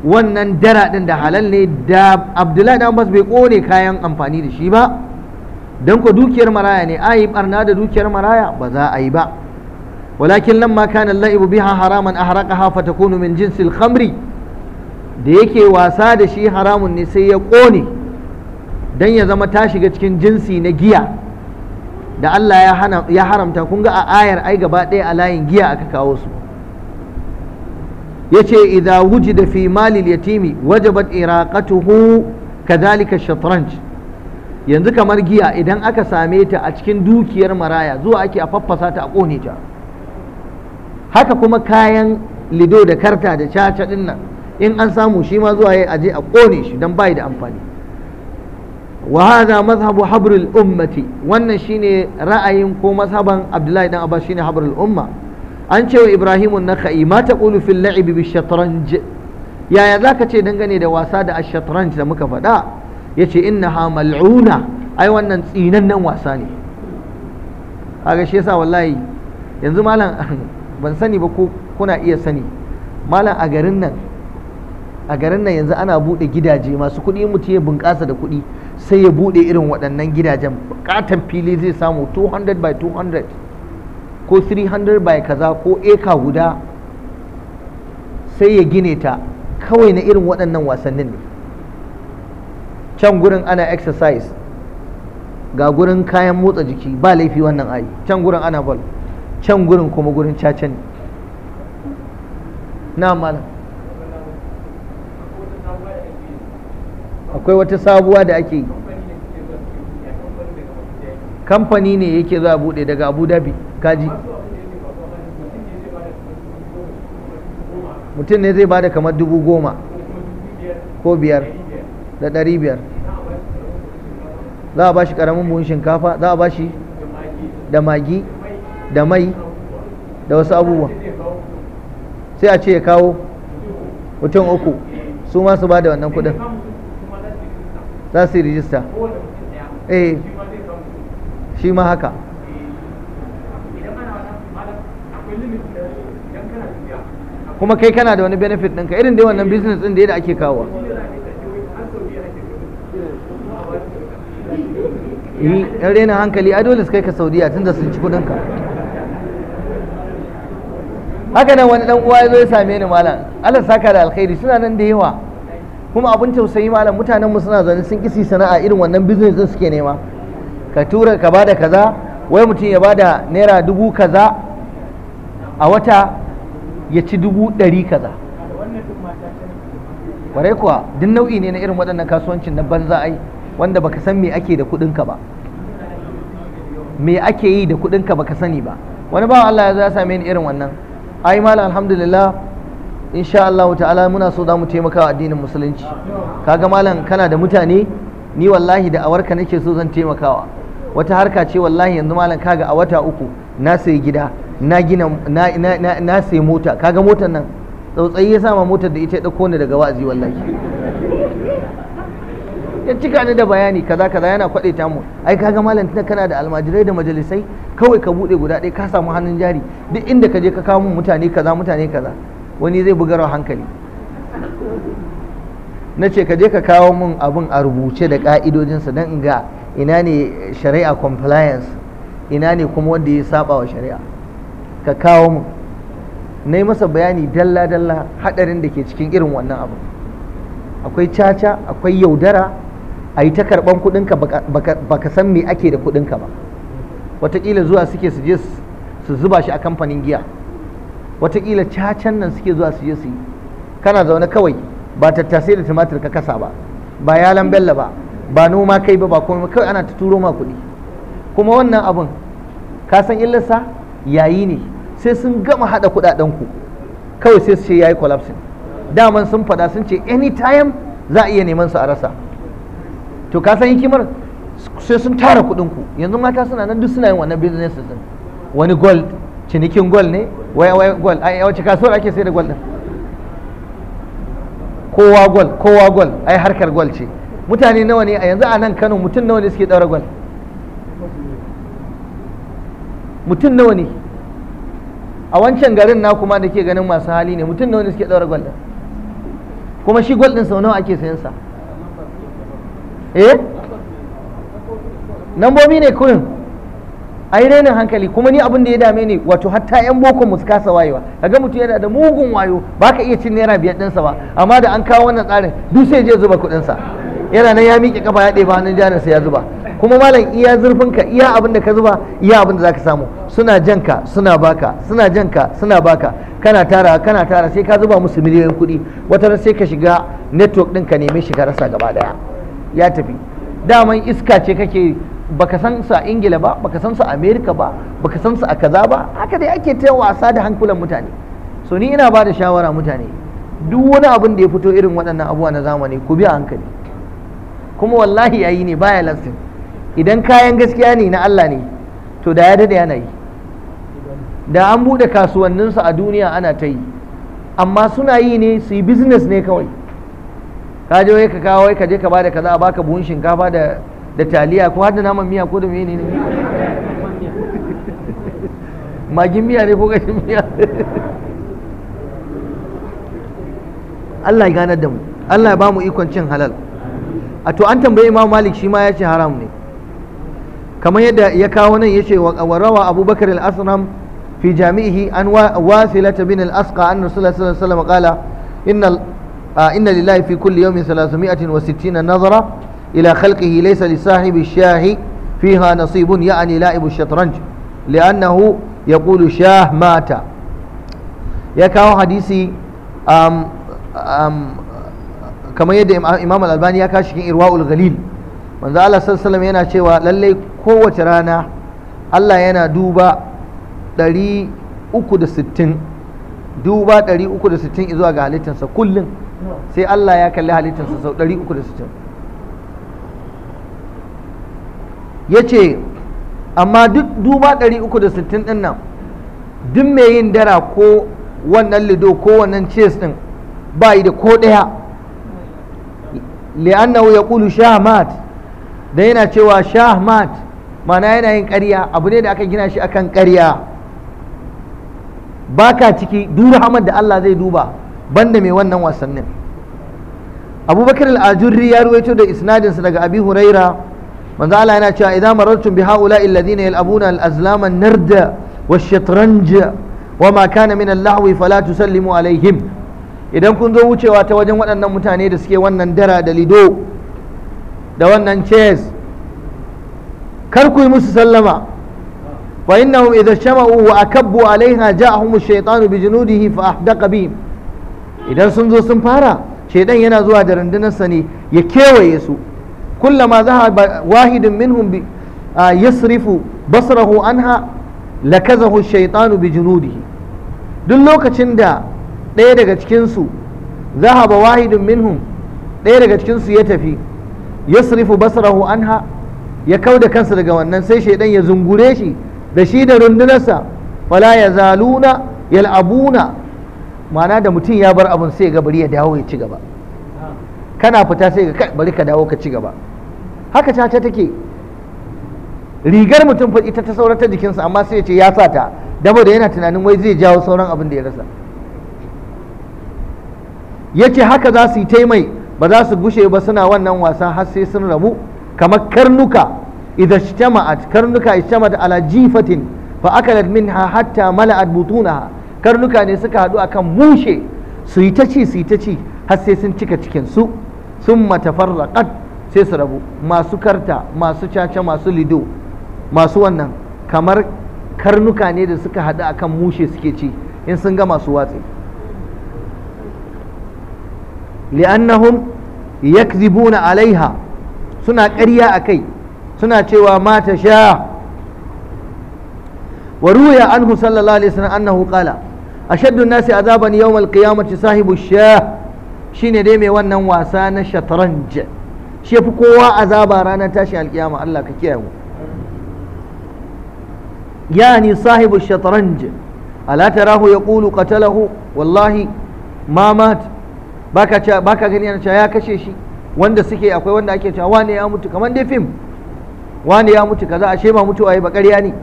wannan dara din da halal ne da abdullahi da bas bai kone kayan amfani da shi ba don ko dukiyar maraya ne a yi barna da dukiyar maraya ba za a yi ba walakin lamma kana la'ibu biha haraman hafata fatakunu min jinsil khamri da yake wasa da shi haramun ne sai ya ƙone dan ya zama ta shiga cikin jinsi na giya da Allah ya haramta kun ga a ayar ai gaba ɗaya a layin giya aka kawo su yace idza wujida fi mali al-yatimi wajabat iraqatuhu kadhalika shatranj yanzu kamar giya idan aka same ta a cikin dukiyar maraya zuwa ake a faffasa ta a kone ta haka kuma kayan lido da karta da caca din nan in an samu shi ma zuwa yayi aje a kone shi dan bai da amfani wa hadha mazhabu habrul ummati wannan shine ra'ayin ko mazhaban Abdullahi dan Abbas shine habrul umma an cewa ibrahimu ka'i ma ƙulu fil la'ibi shatranj yaya zaka ce dangane da wasa da ashatranj da muka faɗa yace ha mal'una ai wannan tsinannen wasa ne kaga shi yasa wallahi yanzu malam ban sani ba ko kuna iya sani malam a garin nan a garin nan yanzu ana buɗe gidaje masu kuɗi mutum ya bunƙasa da kuɗi sai ya buɗe irin waɗannan gidajen katon fili zai samu 200 by 200 ko 300 by kaza ko eka guda sai ya gine ta kawai na irin waɗannan wasannin ne can gurin ana exercise ga gurin kayan motsa jiki ba laifi wannan ayi can gurin ana ball can gurin kuma gurin caca ne na malam akwai wata sabuwa da ake yi kamfani ne yake za a bude daga abu dhabi kaji mutum ne zai bada kamar dubu goma ko biyar da ɗari biyar za a bashi ƙaramin buhun shinkafa za a bashi da magi da mai da wasu abubuwa sai a ce ya kawo mutum uku su masu bada wannan kudin za su yi rijista eh. shi ma haka kuma kai kana da wani benefit ɗinka irin dai wannan business ɗin da da ake kawo yan rena hankali a dole su kai ka saudiya tunda sun ci kudinka haka nan wani dan uwa ya zo ya same ni malam Allah saka da alkhairi suna nan da yawa kuma abin tausayi malam mutanen mu suna zaune sun kisi sana'a irin wannan business din suke nema ka tura ka bada kaza wai mutum ya bada naira dubu kaza a wata ya ci dubu ɗari kaza warai kuwa duk nau'i ne na irin waɗannan kasuwancin na banza ai wanda baka san me ake da kuɗinka ba me ake yi da kuɗinka baka sani ba wani ba Allah ya same ni irin wannan ai mala alhamdulillah insha Allah ta'ala muna so za mu taimaka wa addinin musulunci kaga malam kana da mutane ni wallahi da awarka nake so zan taimakawa wata harka ce wallahi yanzu malam kaga a wata uku na sayi gida na gina na na sayi mota kaga motar nan tsautsayi ya sama motar da ita ya dauko ni daga wa'azi wallahi ya cika ni da bayani kaza kaza yana kwade ta mu ai kaga malam tunda kana da almajirai da majalisai kawai ka buɗe guda ɗaya ka samu hannun jari duk inda ka je ka kawo mutane kaza mutane kaza wani zai bugarwa hankali na ce ka je ka kawo mun abin a rubuce da ka'idojinsa don in ga ina ne shari'a compliance ina ne kuma wanda ya saba wa shari'a ka kawo mu na yi masa bayani dalla-dalla hadarin da ke cikin irin wannan abu akwai caca akwai yaudara a yi ta karban kudinka baka san me ake da kudinka ba watakila zuwa suke su je su zuba shi a kamfanin giya watakila cacan nan suke zuwa su je su yi kana zaune kawai ba tattasai da tumatir ka kasa ba ba yalan bella ba ba noma kai ba ba komai kawai ana ta turo ma kuɗi kuma wannan abun ka san illarsa yayi ne sai sun gama haɗa kuɗaɗen ku kawai sai su ce yayi collapsing daman sun faɗa sun ce anytime za a iya neman su a rasa to ka san hikimar sai sun tara kuɗin ku yanzu mata suna nan duk suna yin wannan business din wani gold cinikin gold ne wai wai gold ai wace kasuwar ake sai da gold din kowa gold kowa gold ai harkar gold ce mutane nawa ne a yanzu a nan kano mutum nawa ne suke ɗaura gwal mutum nawa ne a wancan garin na kuma da ke ganin masu hali ne mutum nawa ne suke ɗaura gwal ɗin kuma shi gwal ɗin sau nawa ake sayan sa eh nambobi ne kun ai ne hankali kuma ni abin da ya dame ne wato hatta yan boko mu kasa wayewa kaga mutum yana da mugun wayo baka iya cin naira biyar ɗinsa ba amma da an kawo wannan tsarin duk sai je zuba kuɗinsa yana nan ya miƙe kafa ya ɗeba hannun jarin sai ya zuba kuma malam iya zurfin ka iya abin da ka zuba iya abin da zaka samu suna janka suna baka suna janka suna baka kana tara kana tara sai ka zuba musu miliyoyin kuɗi wata sai ka shiga network ɗin ka neme shiga rasa gaba daya ya tafi daman iska ce kake baka san su a ingila ba baka san su a america ba baka san su a kaza ba haka dai ake ta wasa da hankulan mutane so ni ina ba da shawara mutane duk wani abin da ya fito irin waɗannan abubuwa na zamani ku bi a hankali kuma wallahi yi ne baya lafsin idan kayan gaskiya ne na Allah ne to da ya dade ana yi da an buɗe kasuwanninsu a duniya ana ta yi amma suna yi ne su yi business ne kawai ka je ka kawo ka je ka bada kaza a baka buhun shinkafa da da taliya ko har da naman miya ko da mene ne magin miya ne ko gashin miya Allah ya ganar da mu Allah ya ba mu ikon cin halal a to an tambayi imam malik shi ma ya ce haram ne kamar yadda ya kawo nan ya ce wa rawa abubakar al-asram fi jami'ihi an wasilata bin al-asqa an rasulullah sallallahu alaihi qala inna inna lillahi fi kulli yawmin 360 nazara ila khalqihi laysa li sahibi shahi fiha nasibun ya'ni la'ibu shatranj li'annahu yaqulu shah mata ya kawo hadisi um, um, kamar yadda imam al-albani ya kashi cikin irwaul ghalil manzo Allah sallallahu yana cewa lallai kowace rana Allah yana duba 360 duba 360 zuwa ga halittarsa kullum sai Allah ya kalli halittarsa sau 360 yace amma duk duba 360 din nan duk mai yin dara ko wannan lido ko wannan chase din ba yi da ko ɗaya li'annahu yaqulu shahmat da yana cewa shahmat mana yana yin ƙarya abu ne da aka gina shi akan ƙarya baka ciki duk rahmat da Allah zai duba banda mai wannan wasannin abubakar al ya ruwaito da isnadinsa daga abi huraira manzo Allah yana cewa idan marartum bi haula'i alladhina yal'abuna al-azlama narda wash-shatranj wa ma kana min al-lahwi fala tusallimu alaihim idan kun zo wucewa ta wajen waɗannan mutane da suke wannan dara da lido da wannan chess kar ku yi musu sallama fa innahum idza shama'u wa akabbu alaiha ja'ahum ash-shaytanu bi junudihi fa ahdaqa bihim idan sun zo sun fara shaidan yana zuwa da sa ne ya kewaye su kullama zahaba wahidun minhum bi yasrifu basrahu anha lakazahu ash-shaytanu bi junudihi duk lokacin da ɗaya daga cikinsu zahaba wahidun minhum ɗaya daga cikinsu ya tafi ya sirifu basarahu anha ya kau da kansa daga wannan sai shaidan ya zungure shi da shi da rundunarsa fala ya zaluna yal'abuna ma'ana da mutum ya bar abin sai ga bari ya dawo ya ci gaba kana fita sai ga bari ka dawo ka ci gaba haka caca take rigar mutum fa ita ta saurata jikinsa amma sai ya ce ya sa ta dabo da yana tunanin wai zai jawo sauran abin da ya rasa ya ce haka za su yi taimai ba za su gushe ba suna wannan wasa har sai sun rabu kamar karnuka idan shtama'at karnuka ishtama'at ala jifatin fa min minha hatta mala butunaha karnuka ne suka haɗu akan mushe su yi ta ci su yi ta ci har sai sun cika cikin su sun matafarraqat sai su rabu masu karta masu caca masu lido masu wannan kamar karnuka ne da suka haɗu akan mushe suke ci in sun ga masu watsi li'annahum yakzibuna alaiha suna karya a kai suna cewa mata sha wa ruya anhu sallallahu alaihi wasallam annahu qala ashaddu nasi azaban yawm alqiyamati sahibu sha shine dai mai wannan wasa na shatranj shi fi kowa azaba ranar tashi alkiyama Allah ka kiyaye mu yani sahibu shatranj ala tarahu yaqulu qatalahu wallahi ma mat ba ka baka gani ana cewa ya kashe shi wanda suke akwai wanda ake cewa wani ya mutu kamar dai fim wani ya mutu kaza a ba mutuwa yayi ba ƙarya ne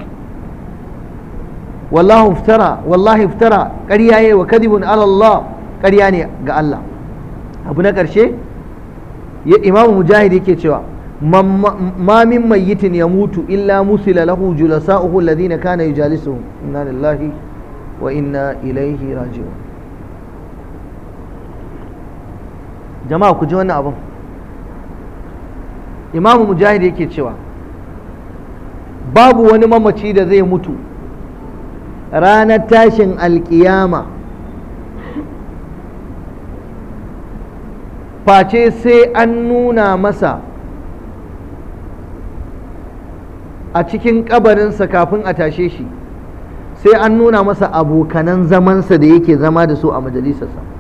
wallahu iftara wallahi iftara ƙarya yayi wa kadibun ala Allah ƙarya ne ga Allah abu na ƙarshe ya imam mujahid yake cewa ma min mayyitin ya mutu illa musila lahu julasa'uhu alladhina kana yujalisuhum inna lillahi wa inna ilaihi raji'un jama'a ku ji wannan abin imamu mujahid yake cewa babu wani mamaci da zai mutu ranar tashin alkiyama face sai an nuna masa a cikin kabarinsa kafin a tashe shi sai an nuna masa abokanan zamansa da yake zama da su a majalisarsa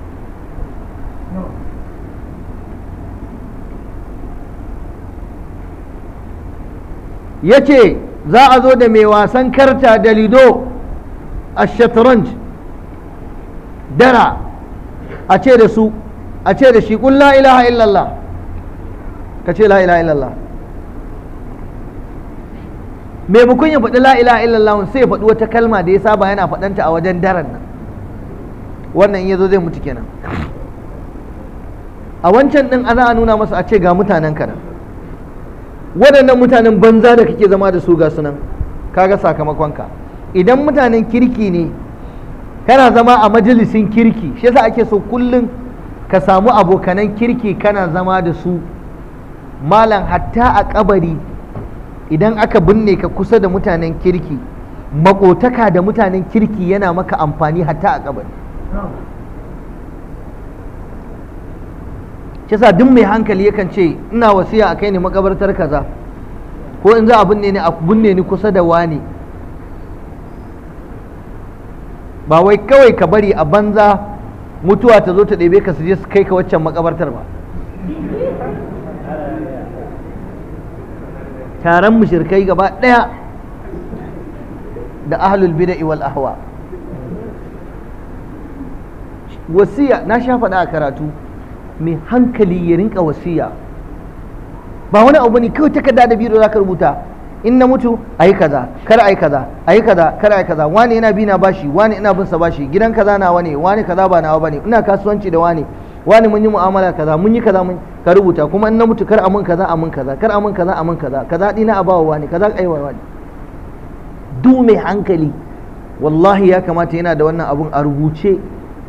ya ce za a zo da mai wasan karta da lido a shatranj dara a ce da su a ce da shi kun la ilaha illallah ka ce la ilaha illallah mai bukun ya faɗi la ilaha illallah sai ya faɗi wata kalma da ya saba yana faɗanta a wajen daren nan wannan ya zo zai mutu kenan a wancan ɗin a nuna masa a ce ga mutanen kanan waɗannan mutanen banza da kake zama da su ga sunan kaga sakamakonka idan mutanen kirki ne kana zama a majalisin kirki shi yasa ake so kullum ka samu abokanan kirki kana zama da su malam hatta a kabari idan aka binne ka kusa da mutanen kirki makotaka da mutanen kirki yana maka amfani hatta a kabari kisa duk mai hankali yakan ce ina wasiya a kai ne makabartar kaza ko in za a binne ni a binne ni kusa da wani ba wai kawai ka bari a banza mutuwa ta zo ta ɗebe ka su je su kai ka waccan makabartar ba taron mushirkai gaba ɗaya da ahlul bida'i wal ahwa wasiya na sha faɗa a karatu mai hankali ya rinka wasiya ba wani abu ne kawai takarda da biro zaka rubuta in na mutu ayi kaza kar ayi kaza ayi kaza kar ayi kaza wani yana bi na bashi wani ina bin sa bashi gidan kaza nawa ne wani kaza ba nawa bane ina kasuwanci da wani wani mun yi mu'amala kaza mun yi kaza mun ka rubuta kuma in na mutu kar amun kaza amun kaza kar amun kaza amun kaza kaza dina a bawa wani kaza aiwa wani du mai hankali wallahi ya kamata yana da wannan abun a rubuce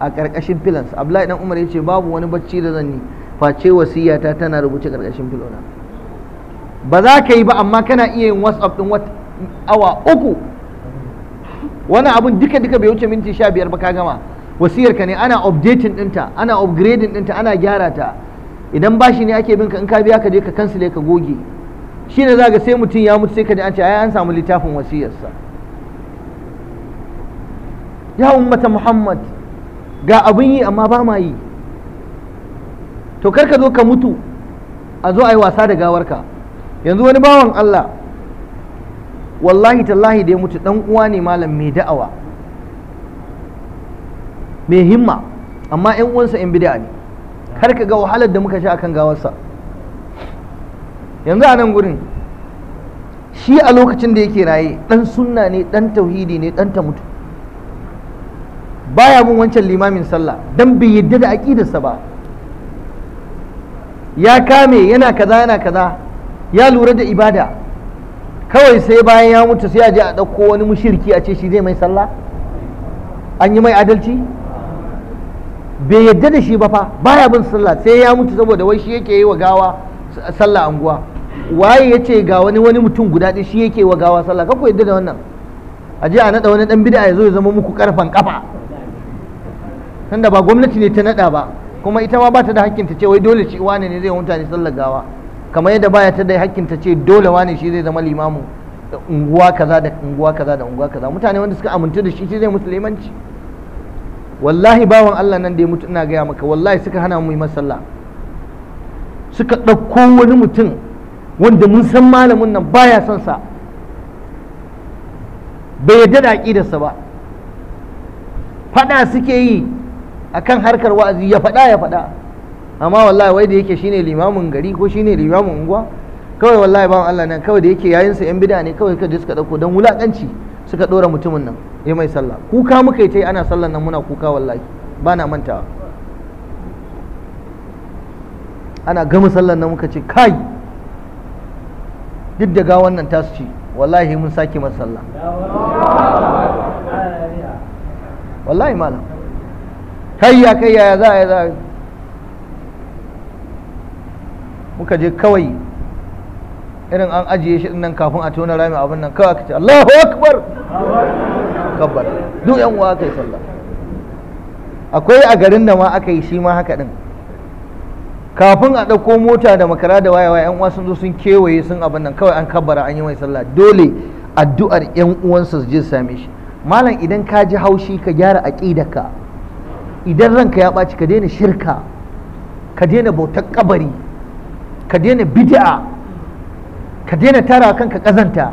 a ƙarƙashin filans abdullahi dan umar ya ce babu wani bacci da zan yi face wasiyata tana rubuce ƙarƙashin filona ba za ka yi ba amma kana iya yin whatsapp din awa uku wani abun duka duka bai wuce minti sha biyar ba ka gama wasiyar ka ne ana updating dinta ana upgrading dinta ana gyara ta idan bashi ne ake bin ka in ka biya ka je ka kansile ka goge shine za ka sai mutum ya mutu sai ka ji an ce ai an samu littafin wasiyarsa ya ummata muhammad ga abin yi amma ba ma yi to kar ka zo ka mutu a zo a yi wasa da gawarka yanzu wani bawan Allah wallahi tallahi da ya mutu dan uwa ne malam mai da'awa mai himma amma yan uwansa yan bid'a ne kar ka ga wahalar da muka sha akan gawarsa yanzu a nan gurin shi a lokacin da yake raye dan sunna ne dan tauhidi ne dan ta mutu baya bin wancan limamin sallah dan bai yadda da aqidarsa ba ya kame yana kaza yana kaza ya lura da ibada kawai sai bayan ya mutu sai a je a ɗauko wani mushirki a ce shi zai mai sallah an yi mai adalci bai yadda da shi ba fa baya bin sallah sai ya mutu saboda wai shi yake yi wa gawa sallah anguwa waye ya ce ga wani wani mutum guda ɗaya shi yake wa gawa sallah ka yadda da wannan a je a naɗa wani ɗan bida ya zo ya zama muku karfan kafa tunda ba gwamnati ne ta nada ba kuma ita ma ba ta da hakkin ta ce wai dole shi wane ne zai ne sallar gawa kamar yadda baya ta da hakkin ta ce dole wane shi zai zama limamu da unguwa kaza da unguwa kaza da unguwa kaza mutane wanda suka amintu da shi shi zai musulmanci wallahi bawan Allah nan da ya mutu ina gaya maka wallahi suka hana mu yi masalla suka ɗauko wani mutum wanda mun san malamin nan baya son sa bai yarda da aƙidarsa ba faɗa suke yi akan harkar wa'azi ya faɗa ya faɗa amma wallahi wai da yake shine limamin gari ko shine limamin unguwa kawai wallahi bawan Allah nan kawai da yake yayin sa yan bid'a ne kawai kaje suka dauko dan wulakanci suka dora mutumin nan ya mai sallah kuka muka yi tai ana sallan nan muna kuka wallahi ba na mantawa ana gama sallan nan muka ce kai duk da ga wannan tasu ci wallahi mun sake masa sallah wallahi malam kai ya kai ya za a yi za a yi muka je kawai irin an ajiye shi nan kafin a tona rami abin nan kawai ka ce Allahu akbar kabbar duk yan uwa kai sallah akwai a garin da ma aka yi shi ma haka din kafin a ɗauko mota da makara da wayawa yan uwa sun zo sun kewaye sun abin nan kawai an kabbara an yi mai sallah dole addu'ar yan uwansa su je su same shi malam idan ka ji haushi ka gyara aqidarka idan ranka ya ɓaci ka daina shirka ka daina bautar kabari ka daina bid'a ka daina tara kanka kazanta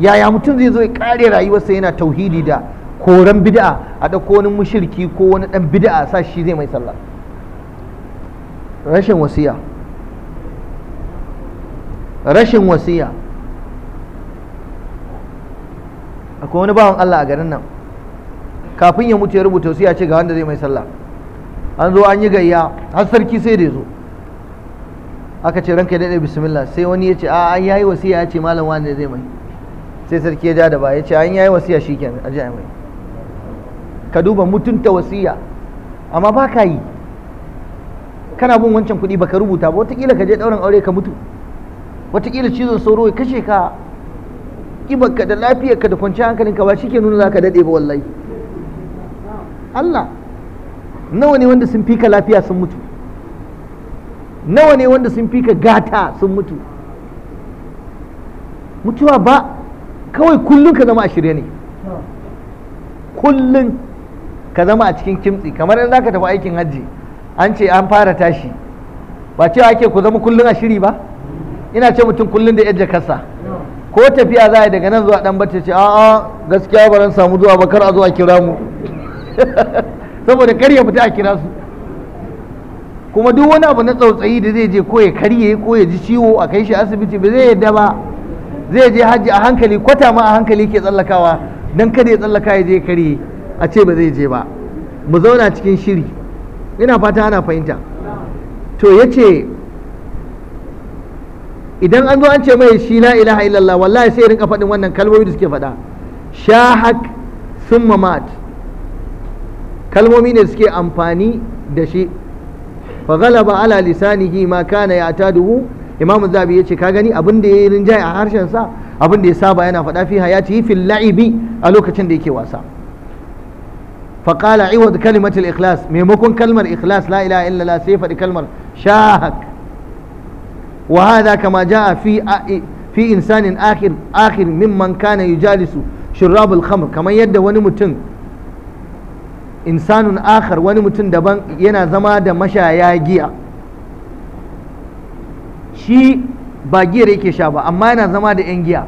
yaya mutum zai zo ya kare rayuwarsa yana tauhidi da koran bid'a a ɗauko wani mushirki ko wani ɗan bid'a sa shi zai mai sallah rashin wasiya rashin wasiya akwai wani bawan Allah a garin nan kafin ya mutu ya rubuta ya ce ga wanda zai mai sallah an zo an yi gayya har sarki sai da zo aka ce ranka ya daɗe bismillah sai wani ya ce a an yayi wasiya ya ce malam wanda zai mai sai sarki ya ja da ba ya ce an yayi wasiya shi kenan a ji mai ka duba mutunta wasiya amma ba ka yi kana bin wancan kuɗi baka rubuta ba watakila ka je ɗaurin aure ka mutu watakila cizon sauro ya kashe ka ƙibarka da lafiyarka da kwanciyar hankalinka ba shi ke nuna za ka daɗe ba wallahi Allah nawa ne wanda sun fika lafiya sun mutu nawa ne wanda sun fika gata sun mutu mutuwa ba kawai kullum ka zama a shirye ne kullum ka zama a cikin kimtsi kamar za zaka tafi aikin hajji an ce an fara tashi ba cewa ake ku zama kullum a shiri ba ina ce mutum kullum da yadda kasa ko tafiya za a yi daga nan zuwa dan bace ce a'a gaskiya ba samu zuwa ba kar a zuwa a kira mu saboda kar ya fita a kira su kuma duk wani abu na tsautsayi da zai je ko ya karye ko ya ji ciwo a kai shi asibiti ba zai yadda ba zai je hajji a hankali kwata ma a hankali ke tsallakawa don kada ya tsallaka ya je karye a ce ba zai je ba mu zauna cikin shiri ina fata ana fahimta to ya ce idan an zo an ce mai shi la ilaha illallah wallahi sai rinka faɗin wannan kalmomi da suke faɗa shahak summa mat kalmomi ne suke amfani da shi fa ghalaba ala lisanihi ma kana duhu imamu zabi yace ka gani abin da yi rinjaye a harshen sa abin da ya saba yana faɗa fi hayati fil la'ibi a lokacin da yake wasa fa qala iwad kalimatul ikhlas maimakon kalmar ikhlas la ilaha illa la sai faɗi kalmar shahak wa hadha kama jaa fi fi insanin akhir akhir mimman kana yujalisu shurabul khamr kamar yadda wani mutum insanun akhar wani mutum daban yana zama da mashaya giya shi ba giyar yake sha ba amma yana zama da 'yan giya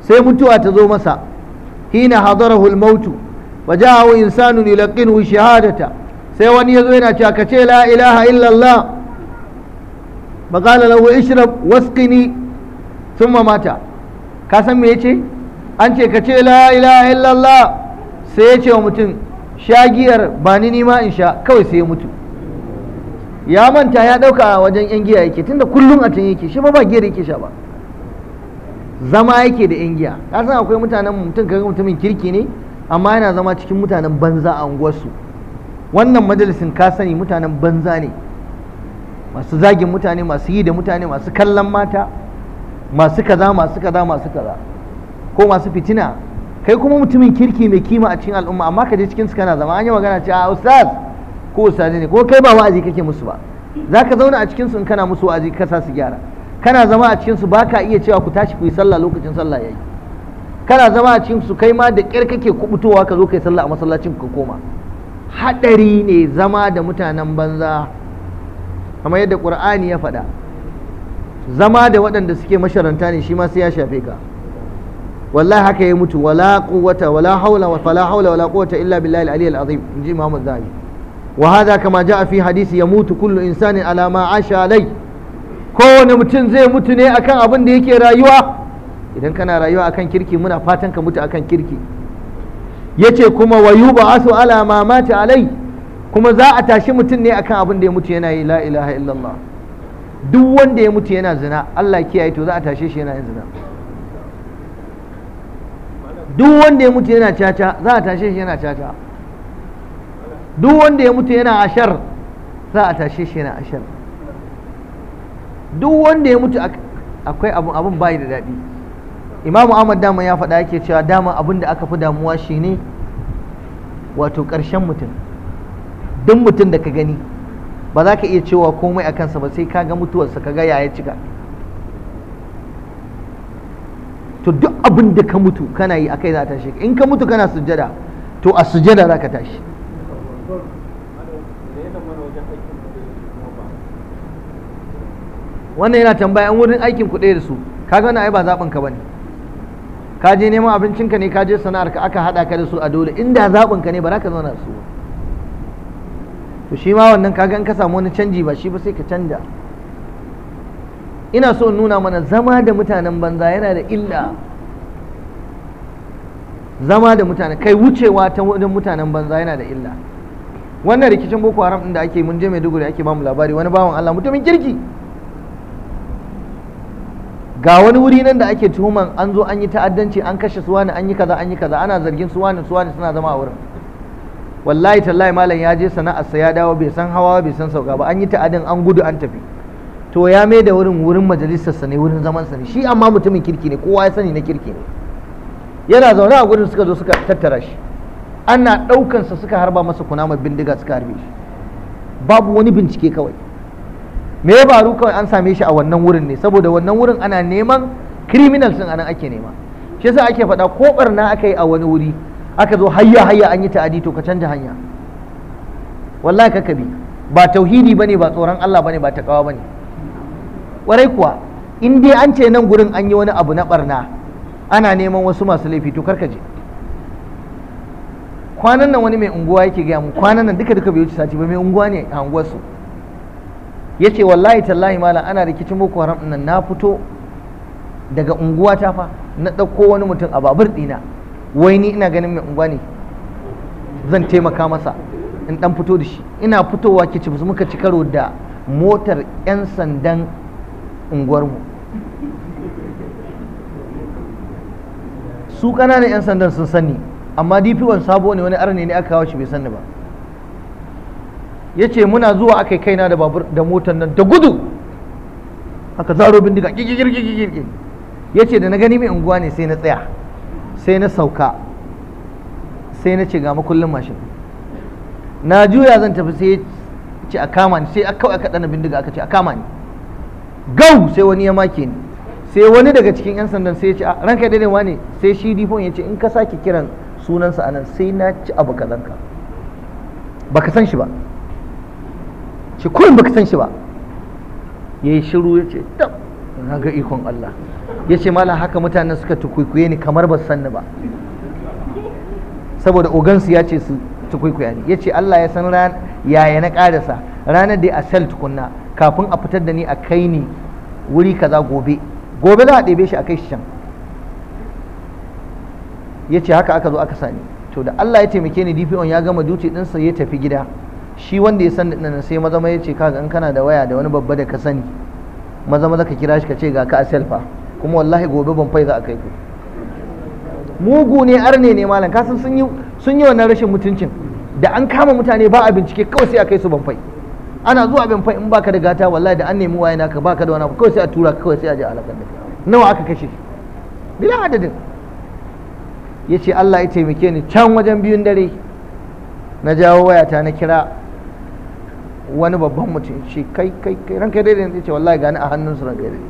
sai mutuwa ta zo masa hina hadarahu al-mautu wa ja'ahu insanun yulqinu shahadata sai wani yazo yana cewa kace la ilaha illa Allah ba qala lahu ishrab wasqini thumma mata ka san me yace an ce kace la ilaha illa sai ya ce wa mutum shagiyar ba ni nima in sha kawai sai ya mutu ya manta ya ɗauka a wajen yan giya yake tunda kullum a can yake shi ba ba giyar yake sha ba zama yake da yan giya ka san akwai mutanen mutum kaga mutumin kirki ne amma yana zama cikin mutanen banza a unguwarsu wannan majalisin ka sani mutanen banza ne masu zagin mutane masu yi da mutane masu kallon mata masu kaza masu kaza masu kaza ko masu fitina kai kuma mutumin kirki mai kima a cikin al'umma amma ka je cikin su kana zama an yi magana ce a ah, ustaz ko ustaz ne ko kai ba wa'azi kake musu ba za ka zauna a cikin su in kana musu wa'azi ka sa su gyara kana zama a cikin su baka iya cewa ku tashi ku yi sallah lokacin sallah yayi kana zama a cikin su kai ma da kyar kake kubutowa ka zo kai sallah a masallacin ka koma hadari ne zama da mutanen banza kamar yadda qur'ani ya faɗa zama da waɗanda suke masharanta ne shi ma sai ya shafe ka wallahi haka ya mutu wala quwwata wala haula wala quwwata illa billahi al-ali azim inji Imam Az-Zahabi wa kama jaa fi hadisi yamutu kullu insanin ala ma asha alai kowane mutum zai mutu ne akan abin da yake rayuwa idan kana rayuwa akan kirki muna fatan ka mutu akan kirki yace kuma wa yub'asu ala mata alai kuma za a tashi mutum ne akan abin da ya mutu yana yi la ilaha illallah duk wanda ya mutu yana zina Allah kiyaye to za a tashe shi yana yin zina duk wanda ya mutu yana caca za a tashe shi yana caca duk wanda ya mutu yana ashar za a tashe shi yana ashar duk wanda ya mutu akwai abun abun bayi da daɗi imam ahmad dama ya faɗa yake cewa dama abin da aka fi damuwa shine wato ƙarshen mutum duk mutum da ka gani ba za ka iya cewa komai a kansa ba sai ka ga mutuwarsa ka ga yaya cika to duk abin da ka mutu kana yi akai za a tashi in ka mutu kana sujjada to a sujjada za ka tashi wannan yana tambaya an wurin aikin ku ɗaya da su ka gana ai ba zaɓin ka bane ka je neman abincinka ne ka je sana'ar ka aka haɗa ka da su a dole inda zaɓin ka ne ba za ka zauna su to shi ma wannan ka in ka samu wani canji ba shi ba sai ka canja ina so in nuna mana zama da mutanen banza yana da illa zama da mutane kai wucewa ta wajen mutanen banza yana da illa wannan rikicin boko haram din da ake mun je maiduguri ake bamu labari wani bawan allah mutumin kirki ga wani wuri nan da ake tuhuman an zo an yi ta'addanci an kashe suwani an yi kaza an yi kaza ana zargin suwani suwani suna zama a wurin wallahi tallahi malam ya je sana'arsa ya dawo bai san hawa bai san sauka ba an yi ta'adin an gudu an tafi to ya mai da wurin wurin majalisarsa ne wurin zamansa ne shi amma mutumin kirki ne kowa ya sani na kirki ne yana zaune a gurin suka zo suka tattara shi ana ɗaukansa suka harba masa kunamar bindiga suka harbe shi babu wani bincike kawai me ya baru kawai an same shi a wannan wurin ne saboda wannan wurin ana neman criminals din anan ake nema shi yasa ake faɗa ko barna aka yi a wani wuri aka zo hayya hayya an yi ta'adi to ka canja hanya wallahi ka kabi ba tauhidi bane ba tsoron Allah bane ba takawa bane Kwarai kuwa in dai an ce nan gurin an yi wani abu na barna ana neman wasu masu laifi to ka je kwanan nan wani mai unguwa yake gaya mu kwanan nan duka duka bai wuce sati ba mai unguwa ne a unguwarsu ya ce wallahi tallahi malam ana rikicin boko haram nan na fito daga unguwa ta fa na ɗauko wani mutum a babur ɗina wai ni ina ganin mai unguwa ne zan taimaka masa in ɗan fito da shi ina fitowa kicibus muka ci karo da motar 'yan sandan unguwarmu su ƙananan 'yan sandan sun sani amma dp1 sabo ne wani arne ne aka kawo shi bai sani ba ya ce muna zuwa aka kaina da babur da motar nan da gudu aka zaro bindiga gigirgigirgir ya ce da na gani mai unguwa ne sai na tsaya sai na sauka sai na ce ga makullin mashin na juya zan tafi sai ce a kama ni sai kawai aka ɗana bindiga aka ce a kama ni gau sai wani ya make ni sai wani daga cikin 'yan sandan sai ya ce ranka daidai ne sai shi difon ya ce in ka sake kiran sunansa anan sai na ci abu ba baka san shi ba shi kurin baka san shi ba ya yi shiru ya ce dam na ga ikon Allah ya ce mala haka mutanen suka tukwikwiye ni kamar ba sanni ba saboda ogansu ya ce su tukwikwiya ni ya ce Allah ya san yaya na karasa ranar da a sel tukunna kafin a fitar da ni a kai ni wuri kaza gobe gobe za a ɗebe shi a kai shi can ya ce haka aka zo aka sani to da Allah ya taimake ni DPO ya gama duty ɗinsa ya tafi gida shi wanda ya san nan sai mazama ya ce kaga in kana da waya da wani babba da ka sani mazama zaka ka kira shi ka ce ga ka a selfa kuma wallahi gobe ban fai za a kai ku mugu ne arne ne malam kasan sun yi sun yi wannan rashin mutuncin da an kama mutane ba a bincike kawai sai a kai su ban fai ana zuwa bin fa in baka da gata wallahi da an nemi waye naka baka da wani abu kawai sai a tura kawai sai a je alakar da nawa aka kashe bila adadin ya ce Allah ya taimake ni can wajen biyun dare na jawo wayata na kira wani babban mutum ce kai kai kai ranka daidai ne ce wallahi gani a hannun su ranka daidai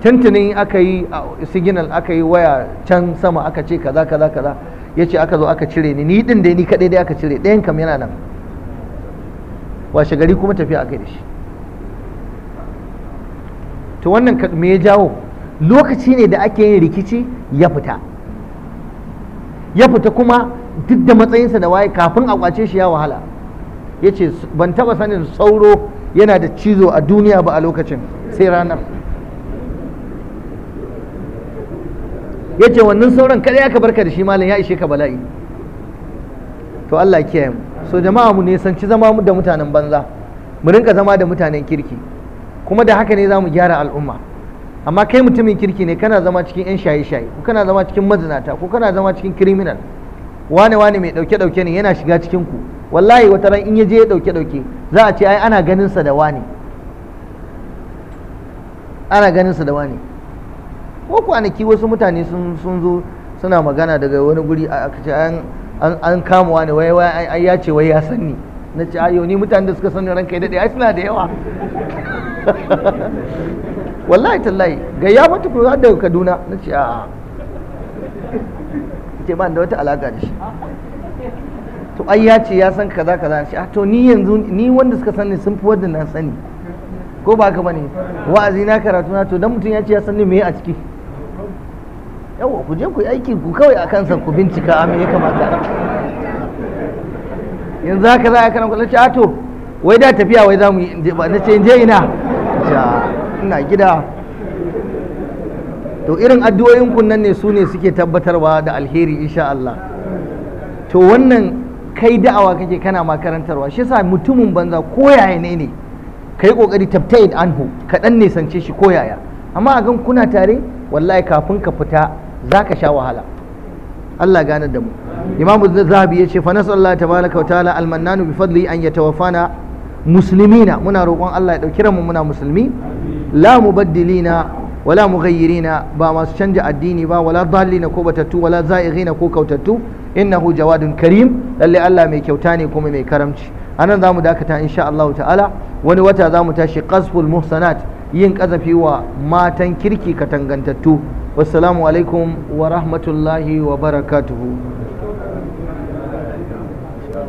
tuntunin aka yi signal aka yi waya can sama aka ce kaza kaza kaza ya ce aka zo aka cire ni ni din da ni kaɗai dai aka cire ɗayan kam yana nan washe gari kuma tafiya aka yi da shi to wannan me ya jawo lokaci ne da ake yin rikici ya fita ya fita kuma duk da matsayinsa da waye kafin a kwace shi ya wahala ya ce ban taba sanin sauro yana da cizo a duniya ba a lokacin sai ranar yace wannan sauran kada ya ka barka da shi malam ya ishe ka bala'i to Allah kiyaye mu so jama'a mu ne ci zama da mutanen banza mu rinka zama da mutanen kirki kuma da haka ne za mu gyara al'umma amma kai mutumin kirki ne kana zama cikin 'yan shaye-shaye ko kana zama cikin mazinata ko kana zama cikin criminal wane-wane mai ɗauke-ɗauke ne yana shiga cikin ku wallahi wata ran in ya je ya ɗauke-ɗauke za a ce ai ana ganin sa da wane ana ganin sa da wane ko kwanaki wasu mutane sun zo suna magana daga wani guri a ce an kama ne wai wai ai ya ce wai ya sanni na ce ayo ni mutane da suka sani ranka ya dade ai suna da yawa wallahi tallahi ga ya mutu ko da Kaduna na ce a'a ce ba da wata alaka da shi to ai ya ce ya san kaza kaza shi a ah, to ni yanzu ni wanda suka sani sun fi wanda na sani ko ba ka bane wa'azi na karatu na to dan mutum ya ce ya sani me a ciki yawa ku je ku aiki ku kawai a kansa ku bincika a ya kamata yanzu haka za a kanan kwallon a wai da tafiya wai za mu yi ba na ce je ina ina gida to irin addu'o'in kunnan ne su ne suke tabbatarwa da alheri insha Allah to wannan kai da'awa kake kana makarantarwa shi yasa mutumin banza ko yaya ne ne kai kokari tabtain anhu kaɗan ne sance shi ko yaya amma a kuna tare wallahi kafin ka fita za ka sha wahala Allah ganar da mu imamu zahabi ya ce fa nasallahu tabaraka wa ta'ala almannanu bi fadli an yatawaffana muslimina muna roƙon Allah ya dauki mu muna musulmi la mubaddilina wala mughayyirina ba masu canja addini ba wala dallina ko batattu wala za'ighina ko kautattu innahu jawadun karim lalle Allah mai kyauta ne kuma mai karamci anan zamu dakata insha Allah ta'ala wani wata zamu tashi qasful muhsanat yin kazafi wa matan kirki katangantattu wassalamu alaikum wa rahmatullahi wa barakatuhu